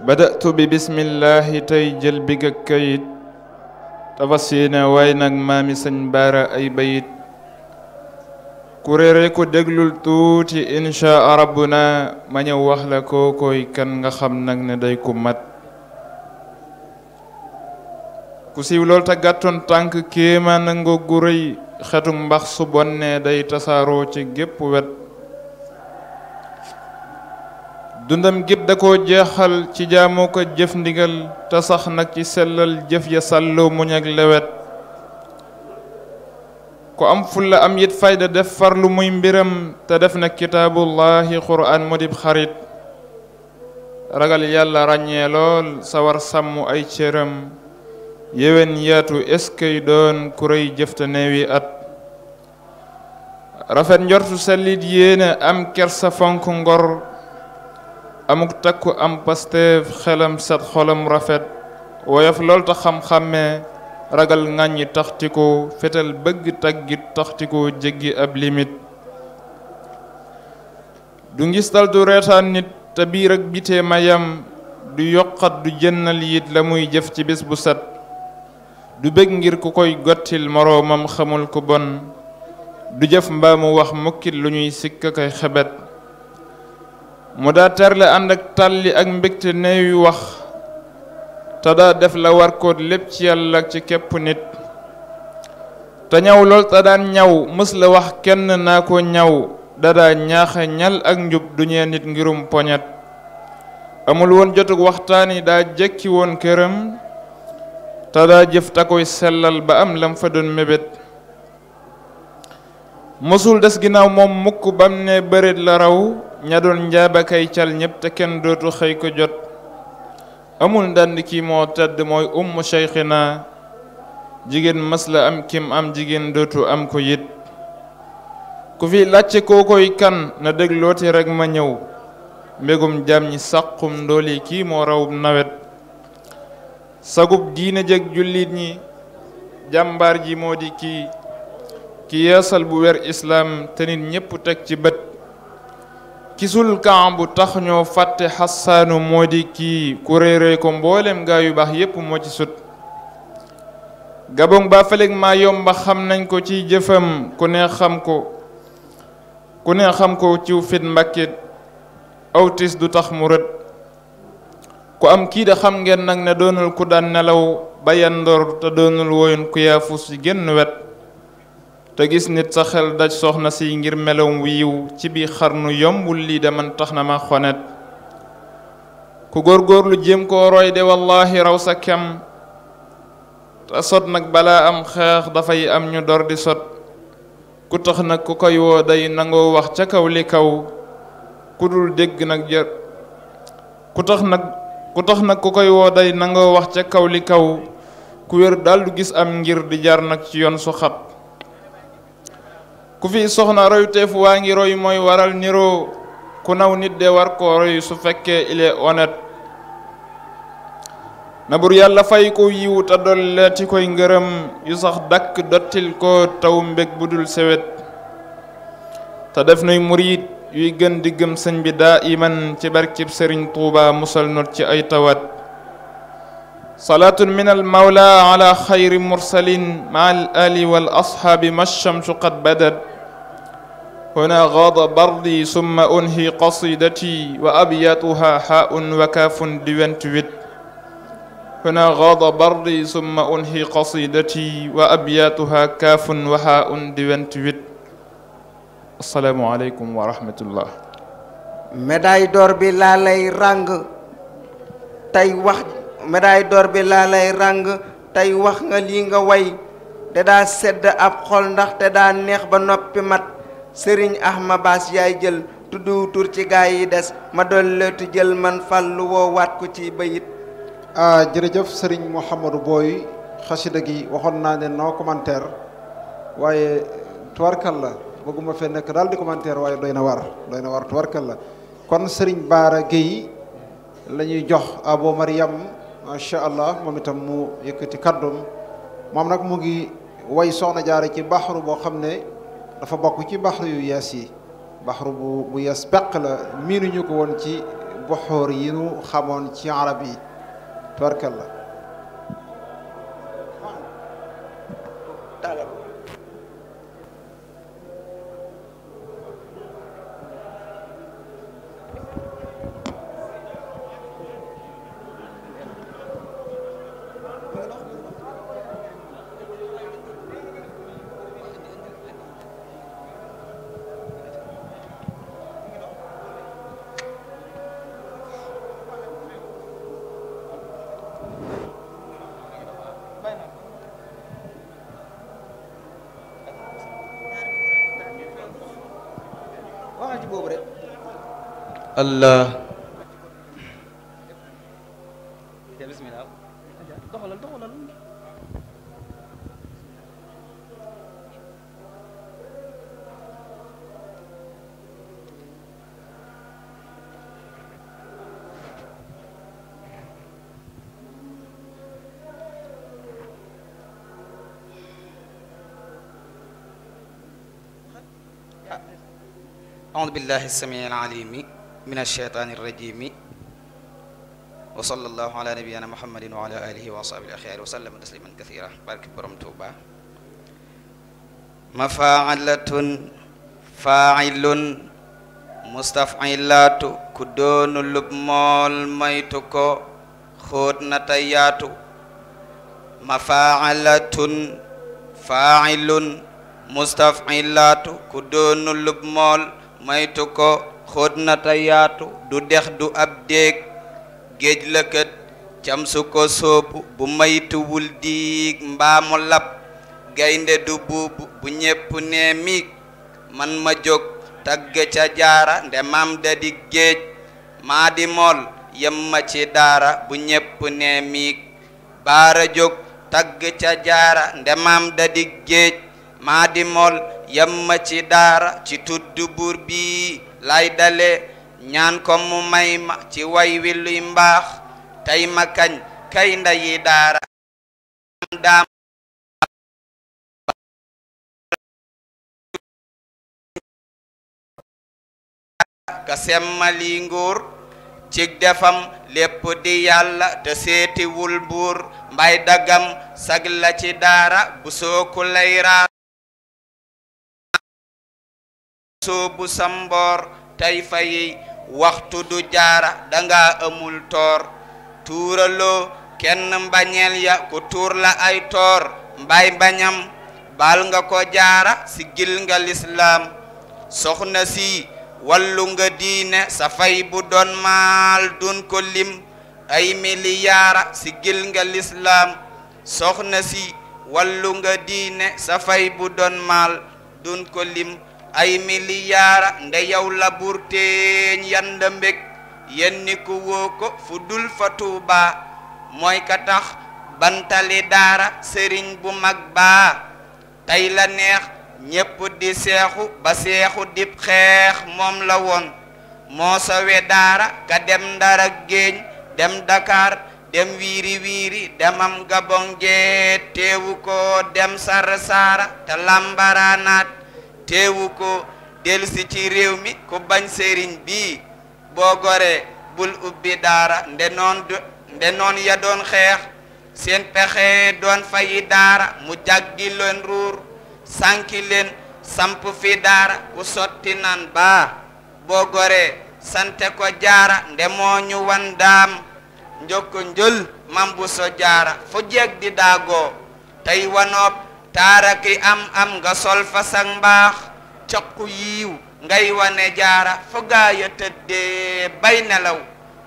badatu bi bismillahi tey jël ak kayit tafasina waay nag maami sañ baara ay bayit kuréere ko déglul tuuti inchaa rabbuna ma ñëw wax kan nga xam nag ne day ku mat ku siiw lool te gàttoon tànk kéemaan a ngoog gu rëy xetu mbax su bonnee day tasaaroo ci gépp wet dundam gépp da ko jeexal ci jaamoo ko jëf ndigal te sax nag ci sellal jëf ya sàlloo muñ ak lewet ku am fulla am yit fayda def farlu muy mbiram te def na kitaabullahi quraan mu dib xarit ragal yàlla ràññee lool sawar sàmm ay cëram yéwén yaatu eskay doon ku rëy at rafet njortu sallit yéene am kersa fonk ngor amuk takku am pasteef xelam set xolam rafet woyof lool ta xam-xammee ragal ŋàññi taxtiku fetal bëgg taggit taxtiku jéggi ab limit du ngistal du reetaan nit te biir ak bitee mayam du yokkat du jënnal yit la muy jëf ci bés bu set du bëgg ngir ku koy gottil moroomam xamul ku bon du jëf mbaa wax mukkit lu ñuy sikk koy xebet mu daa terle ànd ak tàlli ak mbégte neewi wax te daa def la war koot lépp ci yàlla ci kepp nit te ñaw lool te daan ñaw mës la wax kenn naa ko ñaw dadaa ñaaxe ñal ak njub du ñee nit ngirum poñet amul woon jotug waxtaan daa jekki woon këram te daa jëf ta koy sellal ba am lam fa doon mébét mosul des ginnaaw moom mukk bam ne bëreet la raw ña doon njaabakay cal ñépp te kenn dootu xëy ko jot amul ndànd kii moo tedd mooy ummu seyxina jigéen mas am kiim am jigéen dootu am ko yit ku fi làcce koo koy kan na déglooti rekk ma ñëw mbégum jàmm ñi saqum ndooli kii moo rawub nawet sagub diine jeg jullit ñi jàmbaar ji moo di ki yeesal bu wer islaam te nit ñépp teg ci bët kisul kaam bu tax ñoo fàtte xassaanu moo di kii ku ko mboolem gaa yu baax yépp moo ci sut gabon ba feleg maa yomba xam nañ ko ci jëfam ku ne xam ko ku ne xam ko ciw fit mbàkkit awtis du tax mu rët ku am kii de xam ngeen nag ne doonul ku daan nelaw ba yandoor te doonul woyun ku yaafus ci génn wet te gis nit sa xel daj soxna si ngir melom wiiw ci biir xarnu yombul lii de man tax na ma xonet ku góorgóorlu jéem koo roy de wallaahi raw sa kem te sot nag balaa am xeex dafay am ñu dor di sot ku tax nag ku koy woo day nangoo wax ca kaw li kaw ku dul dégg nag jër ku tax nag ku tax nag ku koy woo day nangoo wax ca kaw li kaw ku wér daal gis am ngir di jar nag ci yoon su xat ku fi soxna royuteef waa ngi roy mooy waral niroo ku naw nit de war koo roy su fekkee il est na bur yàlla fay ko yiwu te dolle ci koy ngërëm yu sax dàkk dottil ko taw mbég bu dul sewet te def nuy murit yuy gën di gëm sëñ bi daa iman ci barkib sëriñ tuuba musal not ci ay tawat salaatun min al mawla ala xayri mursalin ma al ali wal ashaabi ma shamsu qad badat هنا غاض بردي ثم أنهي قصيدتي وأبياتها حاء وكاف ديوانت ويت هنا غاض بردي ثم أنهي قصيدتي وأبياتها كاف وحاء ديوانت ويت asalaamualeykum wa rahmatullah médaille d'or bi laa lay ràng tey wax nga lii nga way da daa sedd ab xol ndax te daa neex ba noppi mat sëriñ Ahma Baas yaay jël tuddu tur ci gaa yi des ma dolleetu jël man fàllu woowaat ko ci bayit ah jërëjëf sëriñ Mouhamadou Boy xasida gi waxoon naa ne noo commentaire waaye tuwarkal la bëgguma fee nekk daal di commentaire waaye doy na war doy na war tubarkal la kon Serigne baara Gueye la ñuy jox Abo Mariam macha allah moom itam mu yëkkati kàddoom moom nag mu ngi way soxna jaare ci baxaru boo xam ne dafa bokk ci baxaru yu yees yi baxaru bu bu yees peq la miinuñu ko woon ci boxoor yi nu xamoon ci arab yi tubarkal la Allah أعوذ بالله السميع العليم min alsheytaani irrajimi wa sallallahu ala nabiyina muhammadin wa ala alihi wa ashabihi al-axyaari wa sallama tasliman kathira barke borom Tuuba mafaalatun faa'ilun mustaf'ilatu ku doonu lub mool maytu ko xóot na tey yaatu mafaalatun faa'ilun mustaf'ilatu ku doonu lub mool maytu ko xóot na te yaatu du dex du ab déeg géej la cam su ko sóob bu maytuwul diig mbaamu lab gaynde du buub bu ñépp nee miig man ma jóg tagg ca jaara nde maam géej maa di mool yem ci daara bu ñépp ne miig baara jóg tagg ca jaara nde maam da di géej maa di mool yem ma ci daara ci tudd buur bii laydale dale mu may ma ci way wi luy mbaax tey ma kañ kay ndayi daara daam ka semmali nguur cig defam lépp di yàlla te seetiwul buur mbay dagam sag la ci daara bu sooku lay soobu samboor tey fayi waxtu du jaara danga amul toor tuuraloo kenn mbañeel ya ko tuur la ay toor mbay mbañam baal nga ko jaara ci gil nga lislaam soxna si wallu nga diine sa fay bu doon maal dun ko lim ay miliyaara si gil lislaam soxna si wallu nga diine sa fay bu doon maal dun ko lim ay miliyaara nde yow labur teeñ yanda mbég ko fu dul fa Tuuba mooy ka tax bantali daara sëriñ bu mag ba tey la neex ñépp di seexu ba seexu dib xeex moom la woon moo sowe daara ka dem ndara géeñ dem Dakar dem wiiri wiiri demam gabon gee teewu ko dem sar te lambaraanaat teewu ko dellusi ci réew mi ku bañ sëriñ bii boo bul ubbi daara nde noon nde noon ya doon xeex seen pexe doon fayi daara mu jàggi leen ruur sànki leen samp fi daara ku sotti nan baa boo sante ko jaara nde moo ñu wan daam njokko njël mam bu so jaara fu jeeg di daagoo tey wanoop taara ki am am nga sol fa sag mbaax caqu yiiw ngay wane jaara fu gaa ya tëddee bay nelaw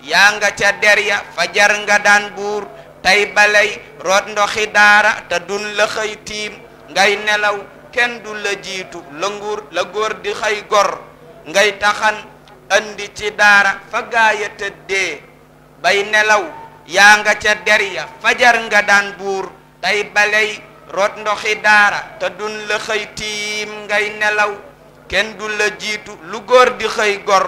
yaa nga ca der ya fajar nga daan buur tey balay root ndoxi daara te du la xëy tiim ngay nelaw kenn du la jiitu la nguur la góor di xëy gor ngay taxan andi ci daara fa gaa ya tëddee bay nelaw yaa nga ca der ya fajar nga daan buur tey balay root ndoxi daara te dun la xëy tiim ngay nelaw kenn du la jiitu lu góor di xëy gor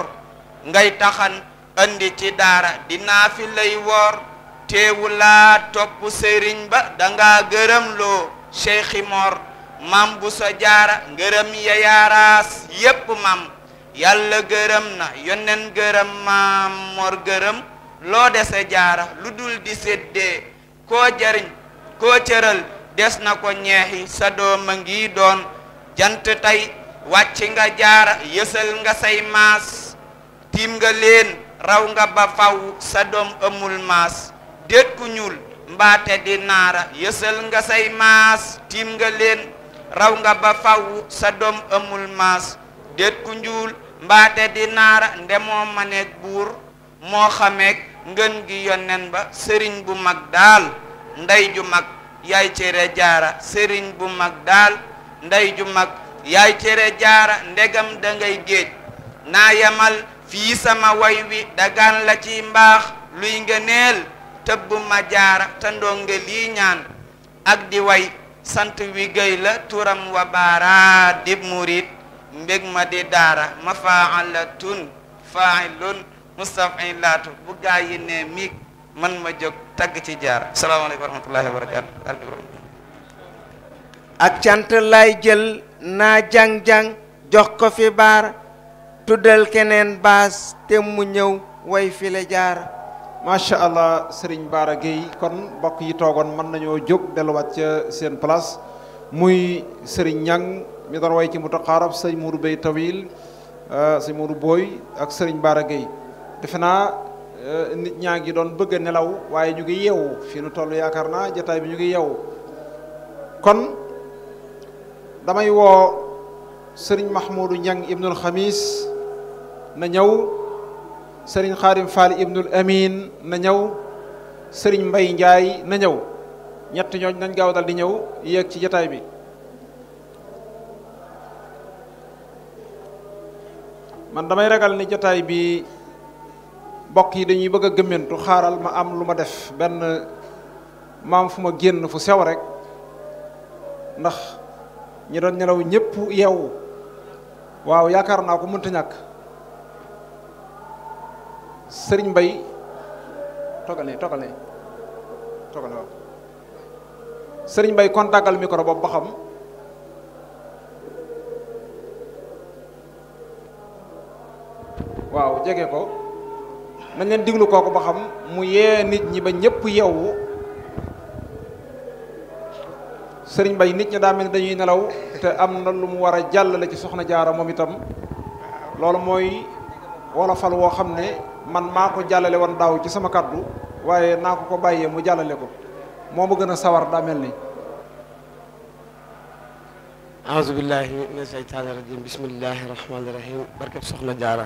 ngay taxan andi ci daara dinaa fi lay woor teewu laa topp sëriñ ba danga gërëm loo cheikhi mor mam bu sa jaara ngërëm ya yaaraas yépp mam yàlla gërëm na yonen gërëm maam mor gërëm loo dese jaara lu dul di séddee koo jariñ koo cëral des na ko ñeexi sa doom a ngi doon jant tey wàcc nga jaara yësal nga say maas tiim nga leen raw nga ba faw sa doom amul maas déet ku ñuul mbaate di naara nga say maas tiim nga leen raw nga ba faw sa doom amul maas déet ku ñuul mbaate di naara ndemoo maneeg buur moo xameeg ngën gi yonen ba sëriñ bu mag daal ndey ju mag yaay cere jaara sëriñ bu mag daal ndey ju mag yaay cere jaara ndegam dangay géej naa yamal fii sama way wi dagaan la ci mbaax luy nga neel tëbb ma jaara te ndonge lii ñaan ak di way sant wi gëy la turam wa baara dib murit mbég ma di daara ma faalatun failun mustafilaatu bu gaa ne miig man ma jóg tagg ci jaar salaamaaleykum wa rahmatullahi wa barakaatu ak cant lay jël naa jàng-jàng jox ko fi baar tuddal keneen baas te mu ñëw way fi la jaar macha allah Serigne Bara Gueye kon mbokk yi toogoon mën nañoo jóg delluwaat ca seen place muy Serigne Ñang mi doon way ci mu taqaarab sëñ Mourou Bey Tawil ah, sëñ Mourou Booy ak Serigne Bara Gueye defe naa Eh, nit ñaa ngi doon bëgg nelaw waaye ñu ngi yeewu fii nu toll yaakaar naa jataay bi ñu ngi yeewu kon damay woo sëriñ Mahmoudou Ñang ibnul Xamis na ñëw sëriñ Xaadim Fall ibnul Amin na ñëw sëriñ Mbay Njaay na ñëw ñett ñooñ dañ gaaw dal di ñëw yéeg ci jataay bi man damay ragal ni jataay bi mbokk yi dañuy bëgg a gëmmentu xaaral ma am lu ma def benn maam fu ma génn fu sew rek ndax ñi doon nelaw ñëpp yeewu waaw yaakaar naa ko mënta ñàkk sëriñ mbay toggale toggale toggale waaw sëriñ mbay kontakal micro boobu ba xam waaw jege ko nañ leen diglu kooku ba xam mu yee nit ñi ba ñëpp yeewu sëriñ bay nit ñi daa mel ni dañuy nelaw te am na lu mu war a jàllale ci soxna jaara moom itam loolu mooy wolofal woo xam ne man maa ko jàllale woon daaw ci sama kàddu waaye naa ko ko bàyyee mu jàllale ko moo ma gën a sawar daa mel ni aousubillahi mina sheytaani rajim bismillahi rahmaani rahim barkeb soxna jaara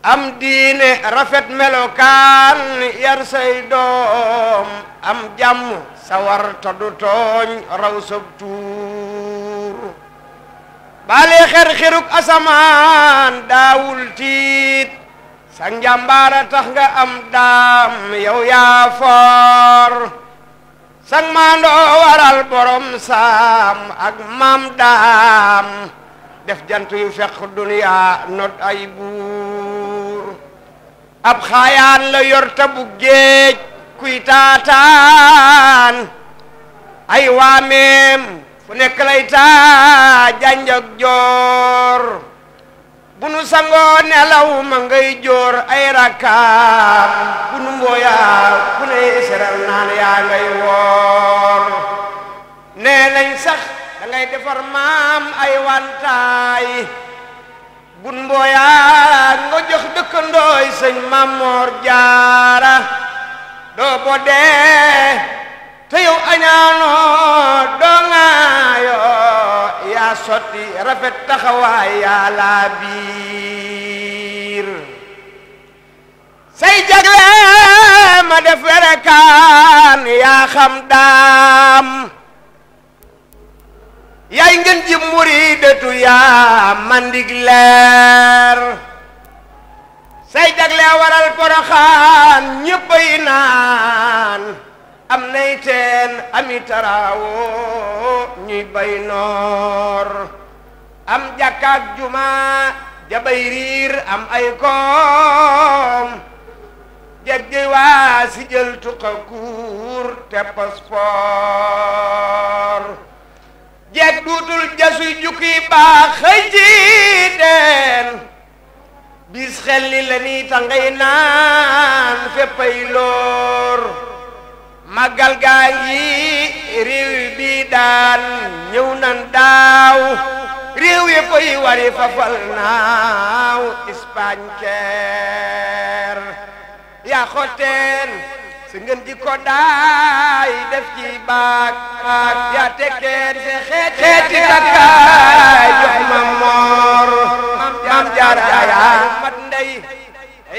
am diine rafet melokaan yar say doom am jàmm sawar ta tooñ raw sab baale xer asamaan daawul tiit sa njàmbaara tax nga am daam yow yaa foor sang maandoo waral borom saam ak maam daam def jant yu fekk not ay buur ab xaayaan la yor tabu géej kuy taataan ay waameem fu nekk lay taa janjak joor bu nu sangoo nelaw ma ngay joor ay rakkaam bu nu mbooyaa ku ne seral naan yaa ngay woor nee nañ sax da defar maam ay wantaay bun mbooyaa nga jox dëkkandooy sëñ Mamor Jaara doo bo dee te yow añaanoo doo ŋaayoo yaa sotti rafet taxawaay yaa laa biir jagle ma def werekaan yaa xam daam yaay ngeen ji muridatu yaa mandig leer say jagle waral poroxaan ñëpp ay naan am nay teen ami taraawo ñuy bay am jàkkaak juma jabay riir am ay koom jeggi waa si jël tuqa kuur te passeport jeeg duutul jasuy jukki baa xëy ci teen bis xel li la nii ta ngay naan féppay lóor màggal yi réew daan ñëw nan daaw réew yi koy wari fafal naaw Espagne keer yaa si ngeen di ko daay def ci baag yaa tekkeen si xeet xeeti takkaay jox ma moor maam jaara yaa nu mat ndey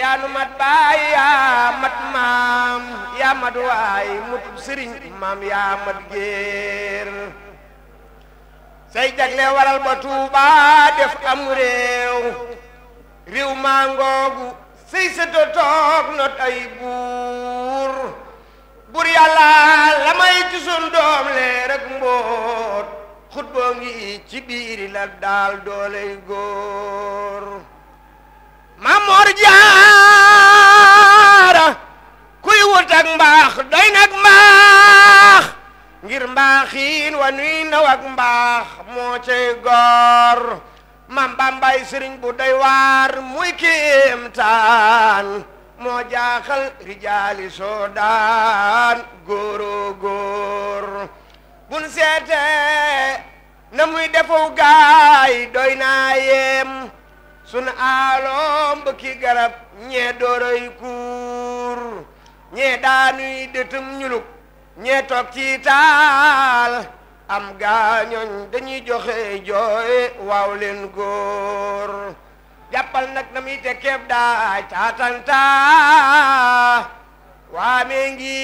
yaa nu mat baay yaa mat maam yaa mat waay mutub sëriñ maam yaa mat géer say jagle waral ba Tuuba def am réew réew maa ngoogu sëy sëta toog not ay buur buur yàlla la may ci sun doom leer ak mbóot xutboo ngi ci biiri la daal dooley góor Mamor Jaara kuy wut mbaax doy nag mbaax ngir mbaaxiin wa nuy naw mbaax moo cay góor maam bambaay sëriñ bu doy waar muy kiimtaan moo jaaxal rijaali soodaan góoroo góor bun seete na muy defaw gaay doy naa yem sun aaloom bëkki garab ñee dooroy kuur ñee daanuy dëtëm ñuluk ñee toog ci am gaañooñ dañuy joxe jooye waaw leen góor jàppal nag na muy te keeb daay taatanta waame ngi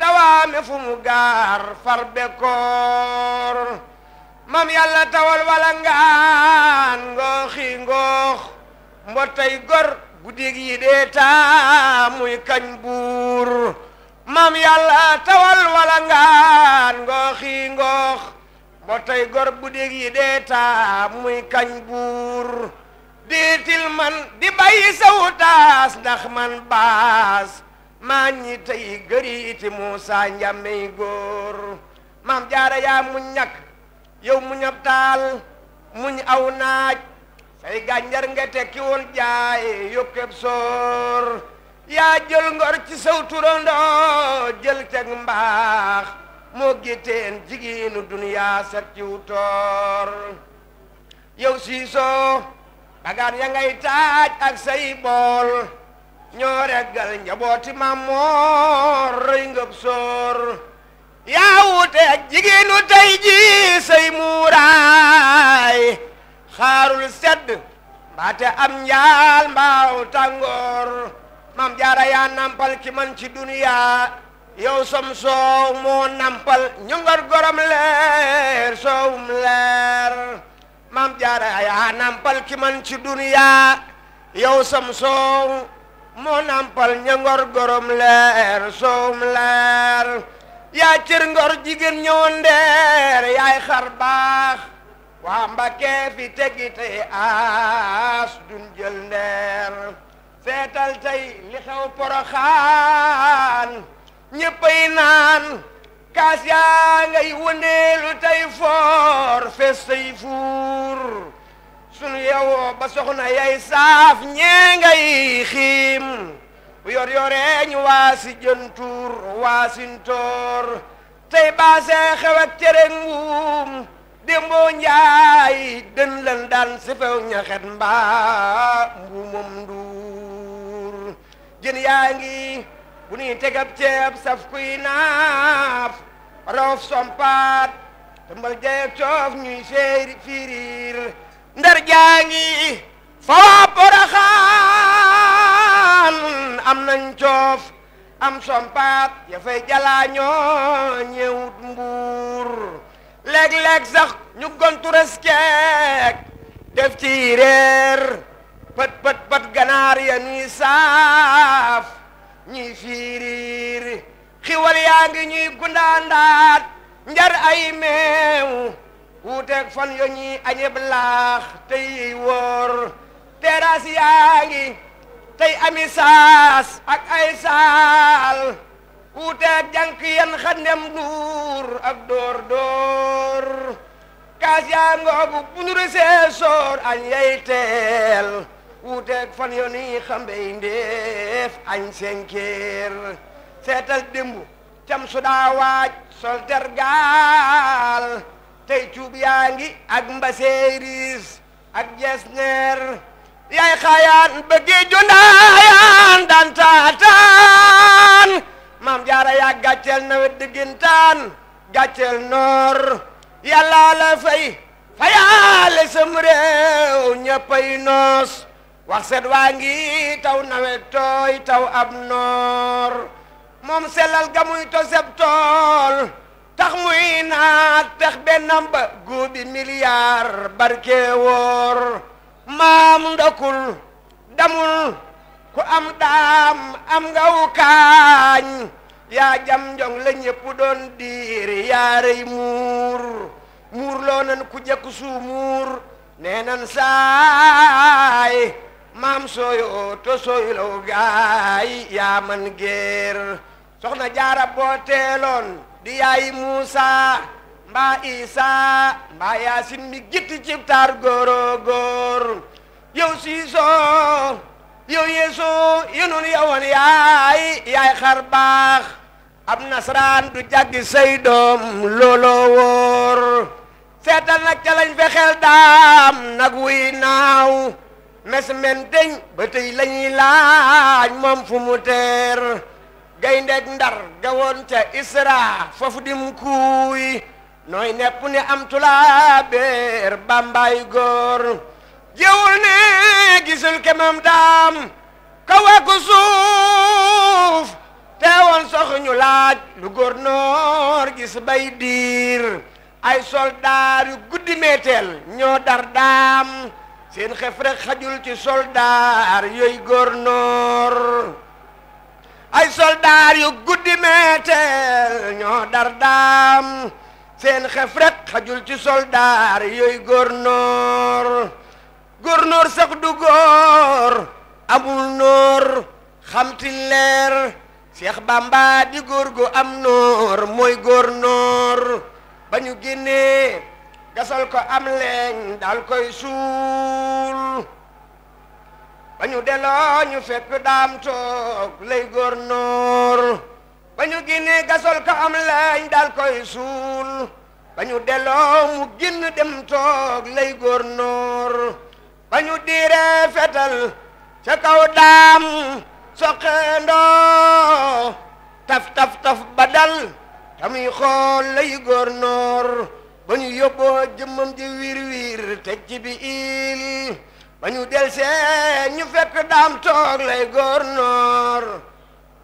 tawaame fu mu gaar far bekkoor mam yàlla tawal wala ngaan ngooxi ngoox mbottay gor guddig yi dee taa muy kañ buur maam yàlla tawal wala ngaan ngooxi ngoox ba tey gor bu dég yi dee taa muy kañ buur diitil man di bàyyi sawu taas ndax man baas maa ñi tey gëriiti Muusaa njàmmey góor maam jaara yaa muñ ñàkk yow muñ ab muñ aw naaj say gànjar nga tekki woon jaay yokkeb soor yaa jël ngor ci saw turandoo jël teg mbaax moo gétteen jigéenu duniyaa set ciw toor yow siisoo bagaan ya taaj ak say bool ñoo reggal njabooti mamoor rëy ngëb sóor yaa wuute ak tey ji say muuraay xaarul sedd mbaate am njaal mbaaw tàngoo maam jaara yaa nampal ki ci duniyaa yow som soow moo nampal ñu gorom leer soowum leer maam jaara yaa nampal ki man ci duniyaa yow som soow moo nampal ñu ngor gorom leer soowum leer yaa cër ngor jigéen ñëwoon ndeer yaay xar baax waa Mbàkke fi tegite aas dun jël ndeer seetal tey li xew poroxaan ñëppay naan kaas yaa ngay wëndeelu tey foor fees tey fuur sunu yewoo ba soxna yay saaf ñee ngay xiim yor yoree ñu waasi jëntuur waasintoor tey baasee xew ak cere nguum démboo njaay dën lan daan si few ñaxet mbaa mbuumam nduur jën yaa ngi bu nuy tegab ceeb saf kuy naaf roof sompaat tëmbal jeeg coof ñuy féeri fiiriir ndar jaa ngi fa waa Poroxaan am nañ coof am sompaat ya fay jalaañoo ñëwut mbuur léeg-léeg ñu gontu res keek def ci réer pat pat pat ganaar ya ñuy saaf ñuy fiiriir xiwal yaa ngi ñuy gundaandaat njar ay meew wuuteeg fan yo ñuy añeb laax tey yiy wóor teeraas yaa ngi tey ami saas ak ay saal wuuteeg jànk yan xandem duur ak dóor dóor kaas yaa ngoogu bu nu resee añ yay teel wuuteeg fan yo ni xambey ndéef añ senkeer seetal démbu cam su daa waaj sol tergaal tey cuub yaa ngi ak mbaseeris ak jees neer yaay xaayaan bëggee jondaayaan daan taataan maam jaara yaa gàcceel nawet diggintaan gàcceel noor yàlla la fay fayaale sam réew ñëppay noos wax set waa ngi taw nawet tooy taw ab noor moom sellal ga muy toseb tool tax muy naat pex bennam ba guubi milliard barke woor maam ndokul damul ku am daam am ngaw kaañ yaa jam njong la ñëpp doon diir yaa rëy muur muur loo nan ku jëkk suu muur nee nan saay maam sooyo to sooyulaw gaay yaa man géer soxna jaara boo di yaayi muusa mbaa isaa mbaa yaasin mi gitti cib taar góoroo siisoo yow yeesu yunun yowoon yaay yaay xar baax ab nasaraan du jàggi say doom looloo wóor seetal nag ca lañ daam nag wuy naaw mes men deñ ba tey lañuy laaj moom fu mu teer gayndeeg ndar gawoon ca isra foofu dim kuuy nooy nepp ni am tulaabeer bàmbaay góor jëwul ne gisul kemam daam kawa ko suuf teewoon soxuñu laaj lu góor noor gis bay diir ay soldaar guddi meeteel ñoo dar daam seen xef rek xajul ci soldaar yooy góornóor ay soldaar yu guddi meeteel ñoo dar daam seen xef rek xajul ci soldaar yooy góornóor góornóor sax du góor amul nóor xamti leer Seex Bàmba di góor go am nóor mooy góornóor ba ñu génnee gasal ko am leeñ daal koy suul ba ñu delloo ñu fekk daam toog lay góornóor ba ñu génnee gasal ko am leeñ daal koy suul ba ñu delloo mu génn dem toog lay góornóor ba ñu diiree fetal ca kaw daam taf taf taf ba tamuy xool lay góornóor ba ñu yóbboo jëmmam ji wiir wiir teg ci il ba ñu delsee ñu fekk daam toog lay góor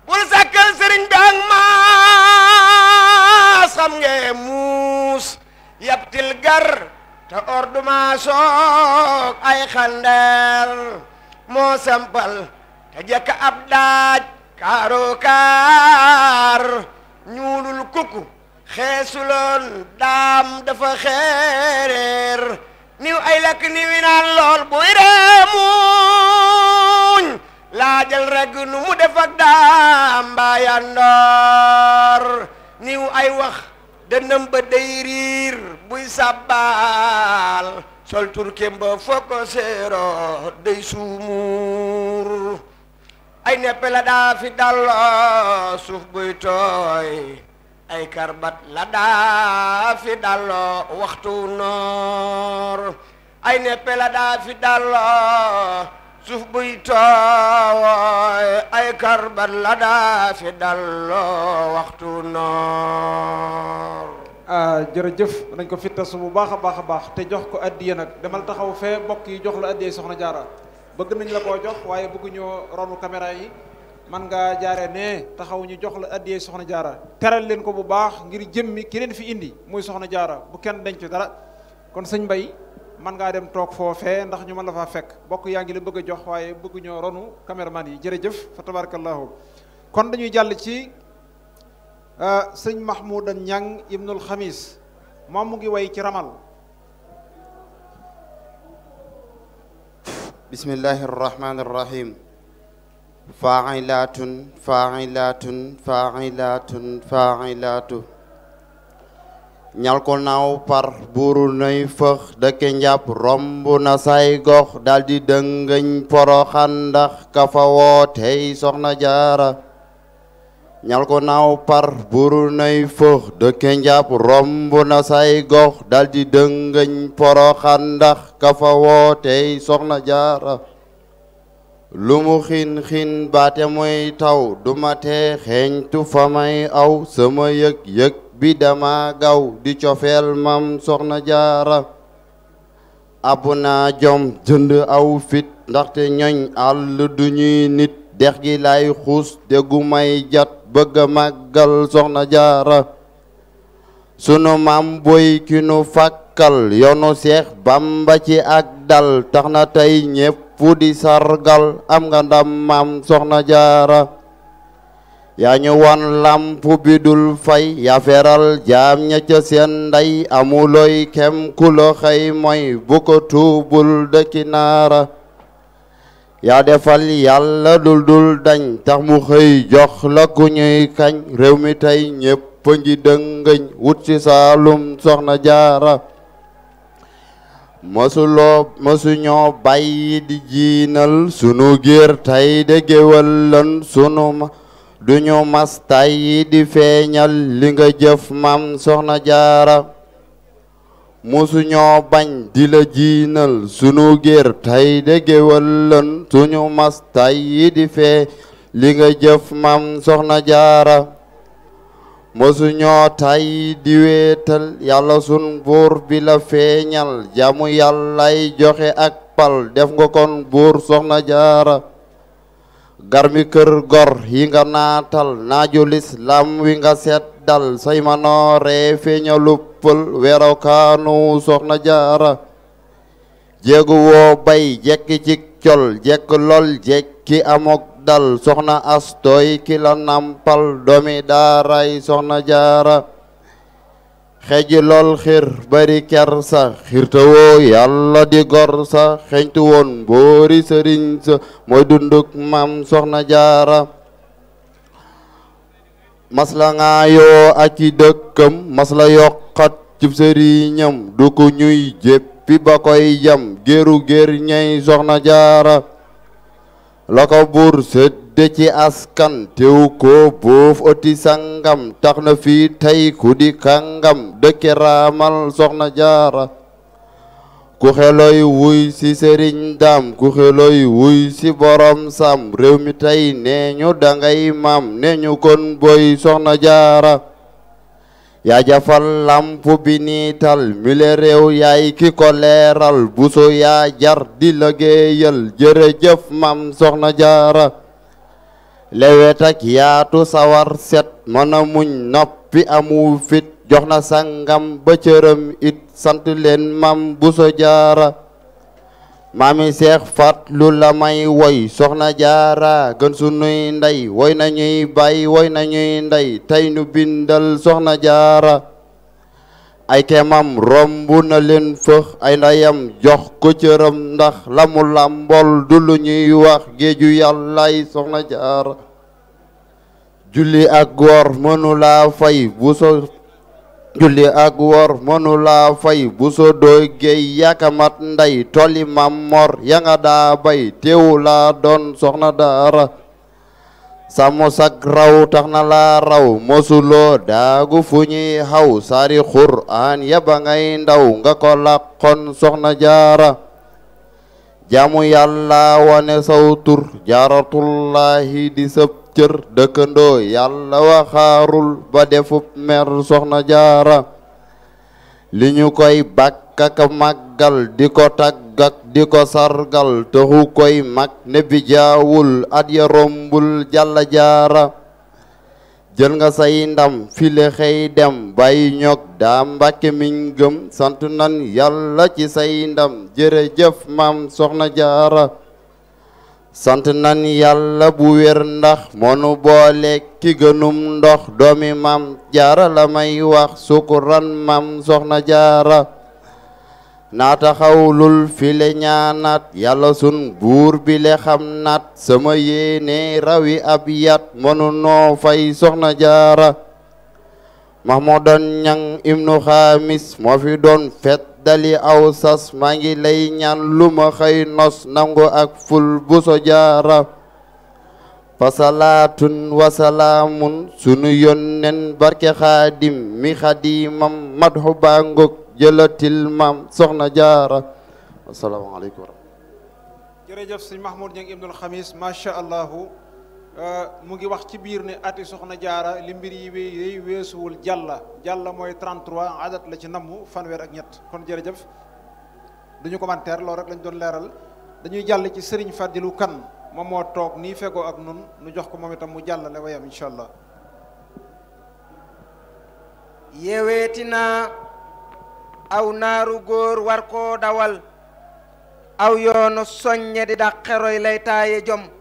bul sàkkal sëriñ bi maas xam ngee muus yaptil gar te orduma soog ay xandeer moo sampal te jekk ab daaj kaaro kaar ñuulul kukku xeesuloon daam dafa xeereer niw ay lakk niwi naan lool buy reemuñ laajal rekk nu mu def daam mbaa yandoor niw ay wax dëndëm ba day riir buy sàbbaal sol turkem ba foo ko day suumuur ay neppe la daa fi suuf buy tooy ay karbat la daa fi dalloo waxtu noor ay neppe la daa fi dalloo suuf buy tooy ay karbat la daa fi dalloo waxtu noor jërëjëf nañ ko fittasu bu baax a baax a baax te jox ko addiya nag demal taxaw fee mbokk yi jox la addiya soxna jaara bëgg nañ la koo jox waaye bëgguñoo ronu caméra yi man ngaa jaare ne taxaw ñu jox la addiyee soxna jaara teral leen ko bu baax ngir jëmmi ki leen fi indi muy soxna jaara bu kenn denc dara kon sëñ mbay man ngaa dem toog foofee ndax ñu mën la faa fekk bokk yaa ngi la bëgg a jox waaye bëgg ñoo ronu caméraman yi jërëjëf fa tabarakallahu kon dañuy jàll ci euh, sëñ mahmoudan ñang ibnul xamis moom mu ngi way ci ramal bismillahi arrahmani arrahim faa'ilatun faa'ilatun faa'ilatun faa'ilatu ñal ko naaw par buuru nay fëx dëkke njàpp romb na say gox daldi dëngëñ poroxan ndax kafa wootey soxna jaara ñal ko naaw par buuru nay fëx dëkke njàpp romb na say gox daldi dëngëñ poroxan ndax kafa wootey soxna jaara lu mu xin xin baate muy taw du ma tee xeeñtu fa may aw sama yëg-yëg bi dama gaw di cofeel mam soxna jaara abu naa jom jënd aw fit ndaxte ñoñ àll duñuy nit dex gi lay xuus déggu may jat bëgg a màggal soxna jaara sunu maam boy ki nu fàkkal yoonu seex bamba ci ak dal tax na tey ñépp fu di sargal am nga ndam maam soxna jaara yaa ñu wan lamp bi dul fay yaa feral jaam ña seen ndey amulooy kem ku xëy mooy bu ko tuubul dëkki naara yaa defal yàlla dul dul dañ tax mu xëy jox la ku ñuy kañ réew mi tey ñépp a ngi dëngëñ wut ci saalum soxna jaara mosuloo mosuñoo bàyyi di jiinal sunu giir tay de géwal lan sunu ma duñu mas tay di feeñal li nga jëf maam soxna jaara mosuñoo bañ di la jiinal sunu giir tay de géwal lan suñu mas tay di fee li nga jëf maam soxna jaara mosu ñoo tay di wéetal yàlla sun buur bi la feeñal jamu yàllay joxe ak pal def nga kon buur soxna jaara garmi kër gor yi nga naatal naaju lislaam wi nga seet dal say manoore feeña luppal werokaanu soxna jaara jéegu woo bay jekki ci col jekk lol jekki amok dal soxna as kilo ki la nampal doomi daaray soxna jaara xej lool xir bari kersa xirtawoo yàlla di gor sa xeñtu woon boori sëriñ sa mooy dunduk maam soxna jaara masla nga yoo ak dëkkam masla yokkat cib sëriñam du ko ñuy jéppi ba koy jam géru gér ñay soxna jaara la ko buur sëdd ci askan tew ko boof oti sangam tax na fii tey ku di kàngam dëkke raamal soxna jaara ku xelooy wuy ci sëriñ daam ku xelooy wuy ci borom sam réew mi tey nee ñu dangay maam nee ñu kon boy soxna jaara yaa jafal lamp bi niital mi le réew yaay ki ko leeral buso yaa jar di liggéeyal jërëjëf mam soxna jaara lewet ak yaatu sawar set mën a muñ noppi amu fit jox na sangam ba cëram it sant leen mam buso jaara maami seex fat lu la may woy soxna jaara gën sunuy ndey woy nañuy bay woy nañuy ndey tey nu bindal soxna jaara ay kemam romb na leen fëx ay ndeyam jox ko cëram ndax lamu làmbool du lu ñuy wax géeju yàllaay soxna jaara julli ak góor mënu laa bu so julli ak wor mënu laa fay bu soo dooy géey yakamat ndey tolli mam yanga daa bay teewu laa doon soxna daara sàmm sag raw tax na la raw mosuloo daagu fu ñuy xaw sari xuraan yaba ngay ndaw nga ko làqoon soxna jaara jaamu yàlla wane saw tur jaaratullahi di sëpp cër dëkkandoo yàlla waxaarul ba defub mer soxna jaara li ñu koy bàkk ak màggal di ko tàgg di ko sargal taxu koy mag ne bi jaawul at ya rombul jàlla jaara jël nga say ndam file xëy dem bàyyi ñoog daa mbàkke miñ gëm sant nan yàlla ci say ndam jëre jëf maam soxna jaara sant nan yàlla bu wér ndax monu boole ki gënum ndox doomi maam jaara la may wax sukuran maam soxna jaara naata xawlul file ñaanat yàlla sun buur bi xam nat sama yéene rawi ab yat monu noo soxna jaara mahmudan ñang ibnu xaamis moo fi doon fet dali aw sas maa ngi lay ñaan lu ma xëy nos nangu ak ful bu so jaara fasalaatun wasalaamun sunu yónnen barke xaadim mi xaadimam madhu baa ngóog jëlatil maam soxna jaara asalaamaaleykum jërëjëf sëñ mu ngi wax ci biir ne ati soxna jaara li mbir yi wéy weesuwul jàlla jàlla mooy 33 adat la ci namm fanweer ak ñett kon jërëjëf duñu commentaire loolu rek lañ doon leeral dañuy jàll ci sëriñ Fadilu Kan moom moo toog nii fegoo ak nun nu jox ko moom itam mu jàllale wayam incha allah yeweeti naa aw naaru góor war koo dawal aw yoonu soññe di dàqeroy lay taaye jom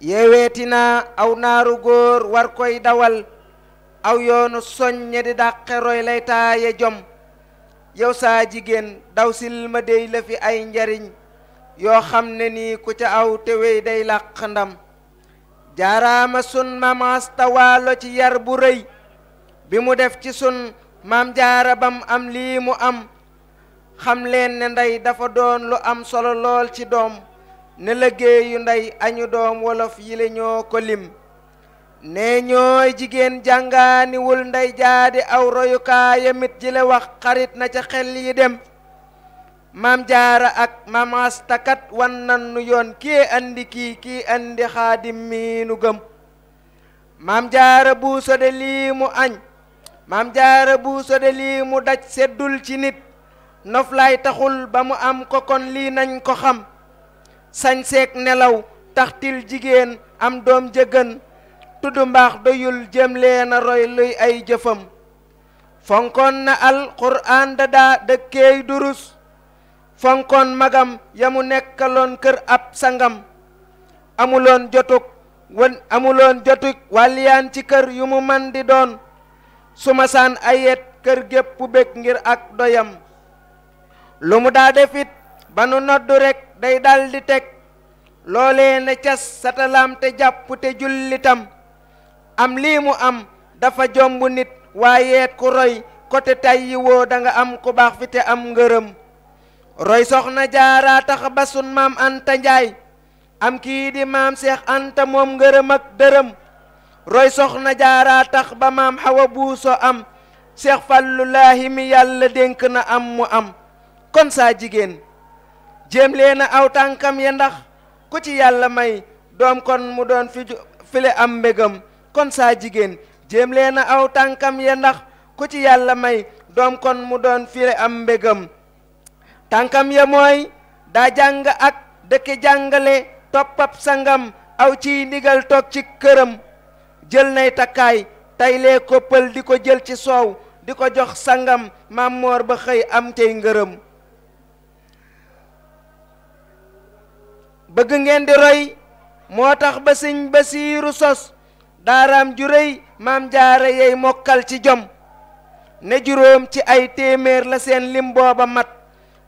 yeweeti naa aw naaru góor war koy dawal aw yoonu soññe di dàqe roy lay taaye jom yow saa jigéen daw sil ma dey la fi ay njariñ yoo xam ne nii ku ca aw te day làq ndam jaaraama sun maam asta waalo ci yar bu rëy bi mu def ci sun maam jaara bam am lii mu am xam leen ne ndey dafa doon lu am solo lool ci doom ne liggéeyu ndey añu doom wolof yi la ko lim ne ñooy jigéen jàngaaniwul ndey jaadi aw royukaayamit ji la wax xarit na ca xel yi dem maam jaara ak maam wan nan yoon kii andi kii kii andi xaadim gëm maam jaara buuso de lii mu añ maam jaara buuso lii mu daj seddul ci nit noflaay taxul ba mu am ko kon lii nañ ko xam sañseek nelaw taxtil jigéen am doom jëgën tudd mbaax doyul jëm leen a roy luy ay jëfam fonkoon na alxuraan da dëkkeey durus fonkon magam ya mu nekkaloon kër ab sangam amuloon jotuk wan wàlliyaan ci kër yu mu man di doon su ma ayet kër gépp bég ngir ak doyam lu mu daa defit ba nu noddu rekk day daldi teg loolee ne cas satalaam te jàpp te jullitam am lii mu am dafa jomb nit waaye ku roy ko te tayyi woo danga am ku baax fi te am ngërëm roy soxna jaaraa tax ba sun maam anta njaay am kii di maam seex anta moom ngërëm ak dërëm roy soxna jaaraa tax ba maam xawa buuso am seex fàllulaahi mi yàlla dénk na am mu am kon saa jigéen jéem leen a aw tànkam ya ndax ku ci yàlla may doom kon mu doon fi file am mbégam kon saa jigéen jéem leen a aw tànkam ya ndax ku ci yàlla may doom kon mu doon file am mbégam tànkam ya mooy daa jàng ak dëkk jàngale toppab sangam aw ciy ndigal toog ci këram jël nay takkaay tey lee koppal di ko jël ci soow di ko jox sangam maam ba xëy am tey ngërëm bëgg ngeen di roy moo tax ba sëñ sos daaraam ju rëy maam jaara yey mokkal ci jom ne juróom ci ay téeméer la seen lim booba mat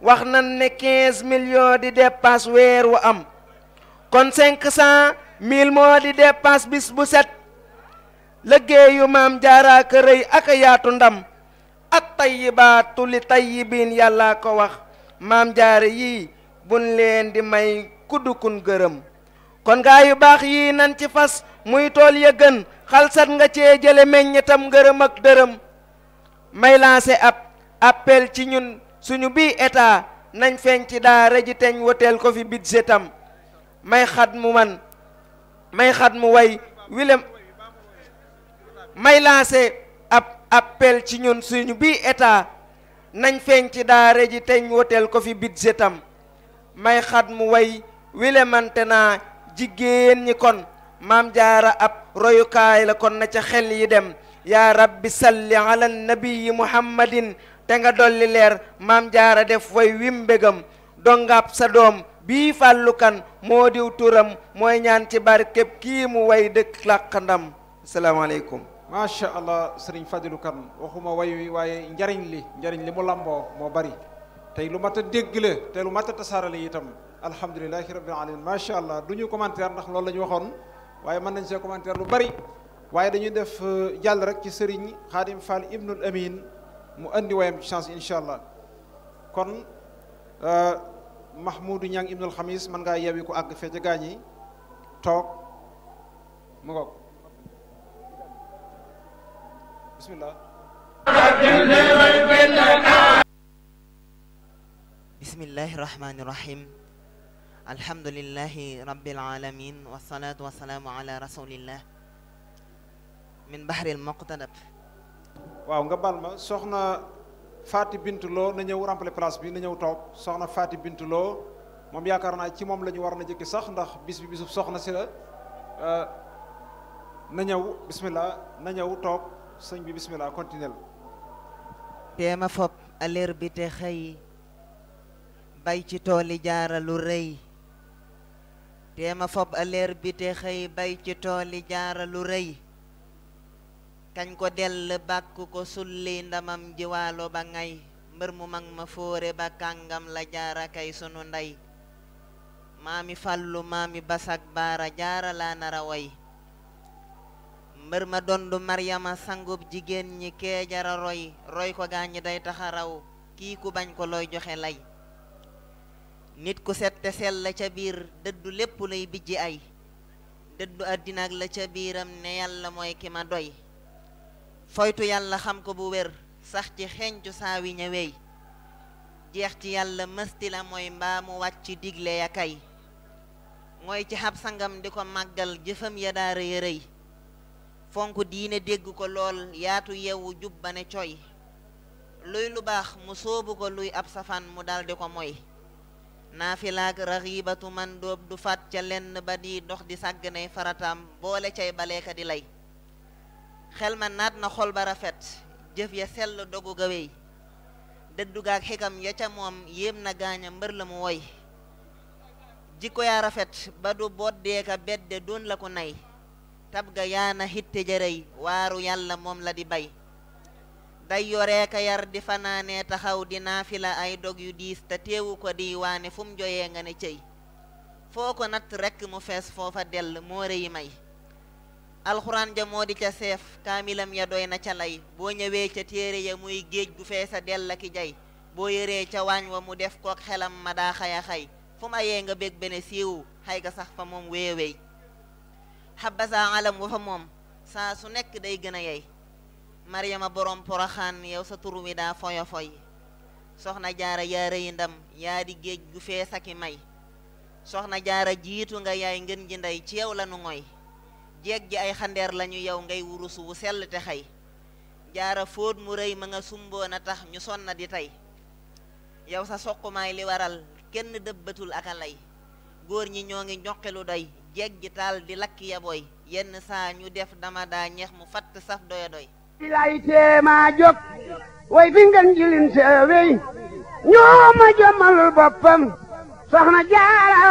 wax nan ne quinze millions di dépense weer wu am kon cinq cent mille moo di dépense bis bu set liggéeyu maam jaara ka rëy ak yaatu ndam at tayyibaatu li tayyibiin yàlla ko wax maam jaara yii buñ leen di may kuddu kun gërëm kon gaa yu baax yii nan ci fas muy tool ya gën xalsat nga cee jële meññetam ngërëm ak dërëm may lancé ab appel ci ñun suñu bii état nañ feeñ ci daara ji teñ woteel ko fi budgetam may mu man may xat mu way wilem may lancé ab appel ci ñun suñu bii état nañ feeñ ci daara ji teñ woteel ko fi budgetam may xat mu way wilemante naa jigéen ñi kon maam jaara ab royukaay la kon na ca xel yi dem yaa rabbi salli ala nabiyi muhammadin te nga dolli leer maam jaara def way wim mbégam dongaab sa doom bii fàllukan moo diw turam mooy ñaan ci képp kii mu way dëkk làqandam asalaamaaleykum macha allah sëriñ fadilu kan waxuma way wi waaye njariñ li njariñ li mu lamboo moo bari tey lu mat a dégg la te lu mat a tasaarale itam alhamdulilahi rabbil alamin macha allah du ñu commentaire ndax loolu la ñu waxoon waaye mën nañ see commentaire lu bari waaye dañuy def euh, jàll rek ci sëriñ xaadim Fall ibnul amin mu indi wayam ci chance incha allah kon euh, mahmoudou ñang ibnul xamis mën ngaa yewi ko àgg fee ca gaañ yi toog mu ngoog bismillah bismillahi rahmani rahim alhamdulillahi rabbil alamin wassalaatu wassalaamu ala rasulillah min bahril muqtadab waaw nga soxna Faati Bintu Loo na ñëw remplé place bi na ñëw toog soxna Faati Bintu Loo moom yaakaar naa ci moom la ñu war na jëkki sax ndax bis bi bisub soxna si la euh, na ñëw bismillah na ñëw toog sëñ bi bismillah continuel teema fopp aleer bi te xëy bay ci tooli jaara lu rëy téema fob aleer bi te xëy bay ci tooli jaara lu rëy kañ ko dell bàkk ko sulli ndamam jiwaalo ba ngay mbër mu mag ma fóore ba kàngam la jaara kay sunu ndey maami fàllu maami basak baara jaara laa mbër ma dondu maryama sangub jigéen ñi kee jara roy roy ko gaañi day taxaraw kii ku bañ ko looy joxe lay nit ku set te la ca biir dëddu lépp luy bijj ay dëddu àddina ak la ca biiram ne yàlla mooy ki ma doy foytu yàlla xam ko bu wér sax ci xencu saawi ña wey jeex ci yàlla mësti la mooy mbaa mu wàcc digle ya kay mooy ci xab sangam di ko màggal jëfam ya daa rëy rëy fonk diine dégg ko lool yaatu yewu jub ba ne coy luy lu baax mu sóobu ko luy ab safaan mu daldi ko moy naafilaak raxiibatu man doob du faat ca lenn ba di dox di sàgg nay farataam boole cay baleeka di lay xel ma naat na xol ba rafet jëf ya sell dogu ga wey dëddu gaak ya ca moom yéem na gaaña mbër la mu woy jikko yaa rafet ba du boddeeka bedde doon la ko nay tab ga yaana hitte jërëy waaru yàlla moom la di bay day yore ka yar di fanaanee taxaw di naafila ay dog yu diis te teewu ko diwaane waane fu mu joyee nga ne cëy foo ko natt rekk mu fees foofa dell moore yi may alxuraan ja moo di ca seef kaamilam ya doy na ca lay boo ñëwee ca téere ya muy géej gu feesa dell ki jay boo yëree ca waañ wa mu def kook xelam ma daa xaya xay fu ma nga bég bene siiwu xay ga sax fa moom weewey xabasa alam wa fa moom saa su nekk day gën a yey Maryama borom poroxaan yow sa tur wi daa foyo foy soxna jaara yaa rëy ndam yaa di géej gu fees aki may soxna jaara jiitu nga yaay ngën ji ndey ci yow lanu ngoy jeeg ji ay xandeer lañu yow ngay wurusu wu sell te xay jaara fóot mu rëy ma nga sumboon a tax ñu sonna di tey yow sa soqumaay li waral kenn dëbbatul ak a lay góor ñi ñoo ngi ñoqilu doy jeeg ji taal di lakk ya boy yenn saa ñu def dama daa ñeex mu fatt saf doya ilay teema jóg way fi ngeen jilin seewey ñoo ma jommalul boppam soxna jaara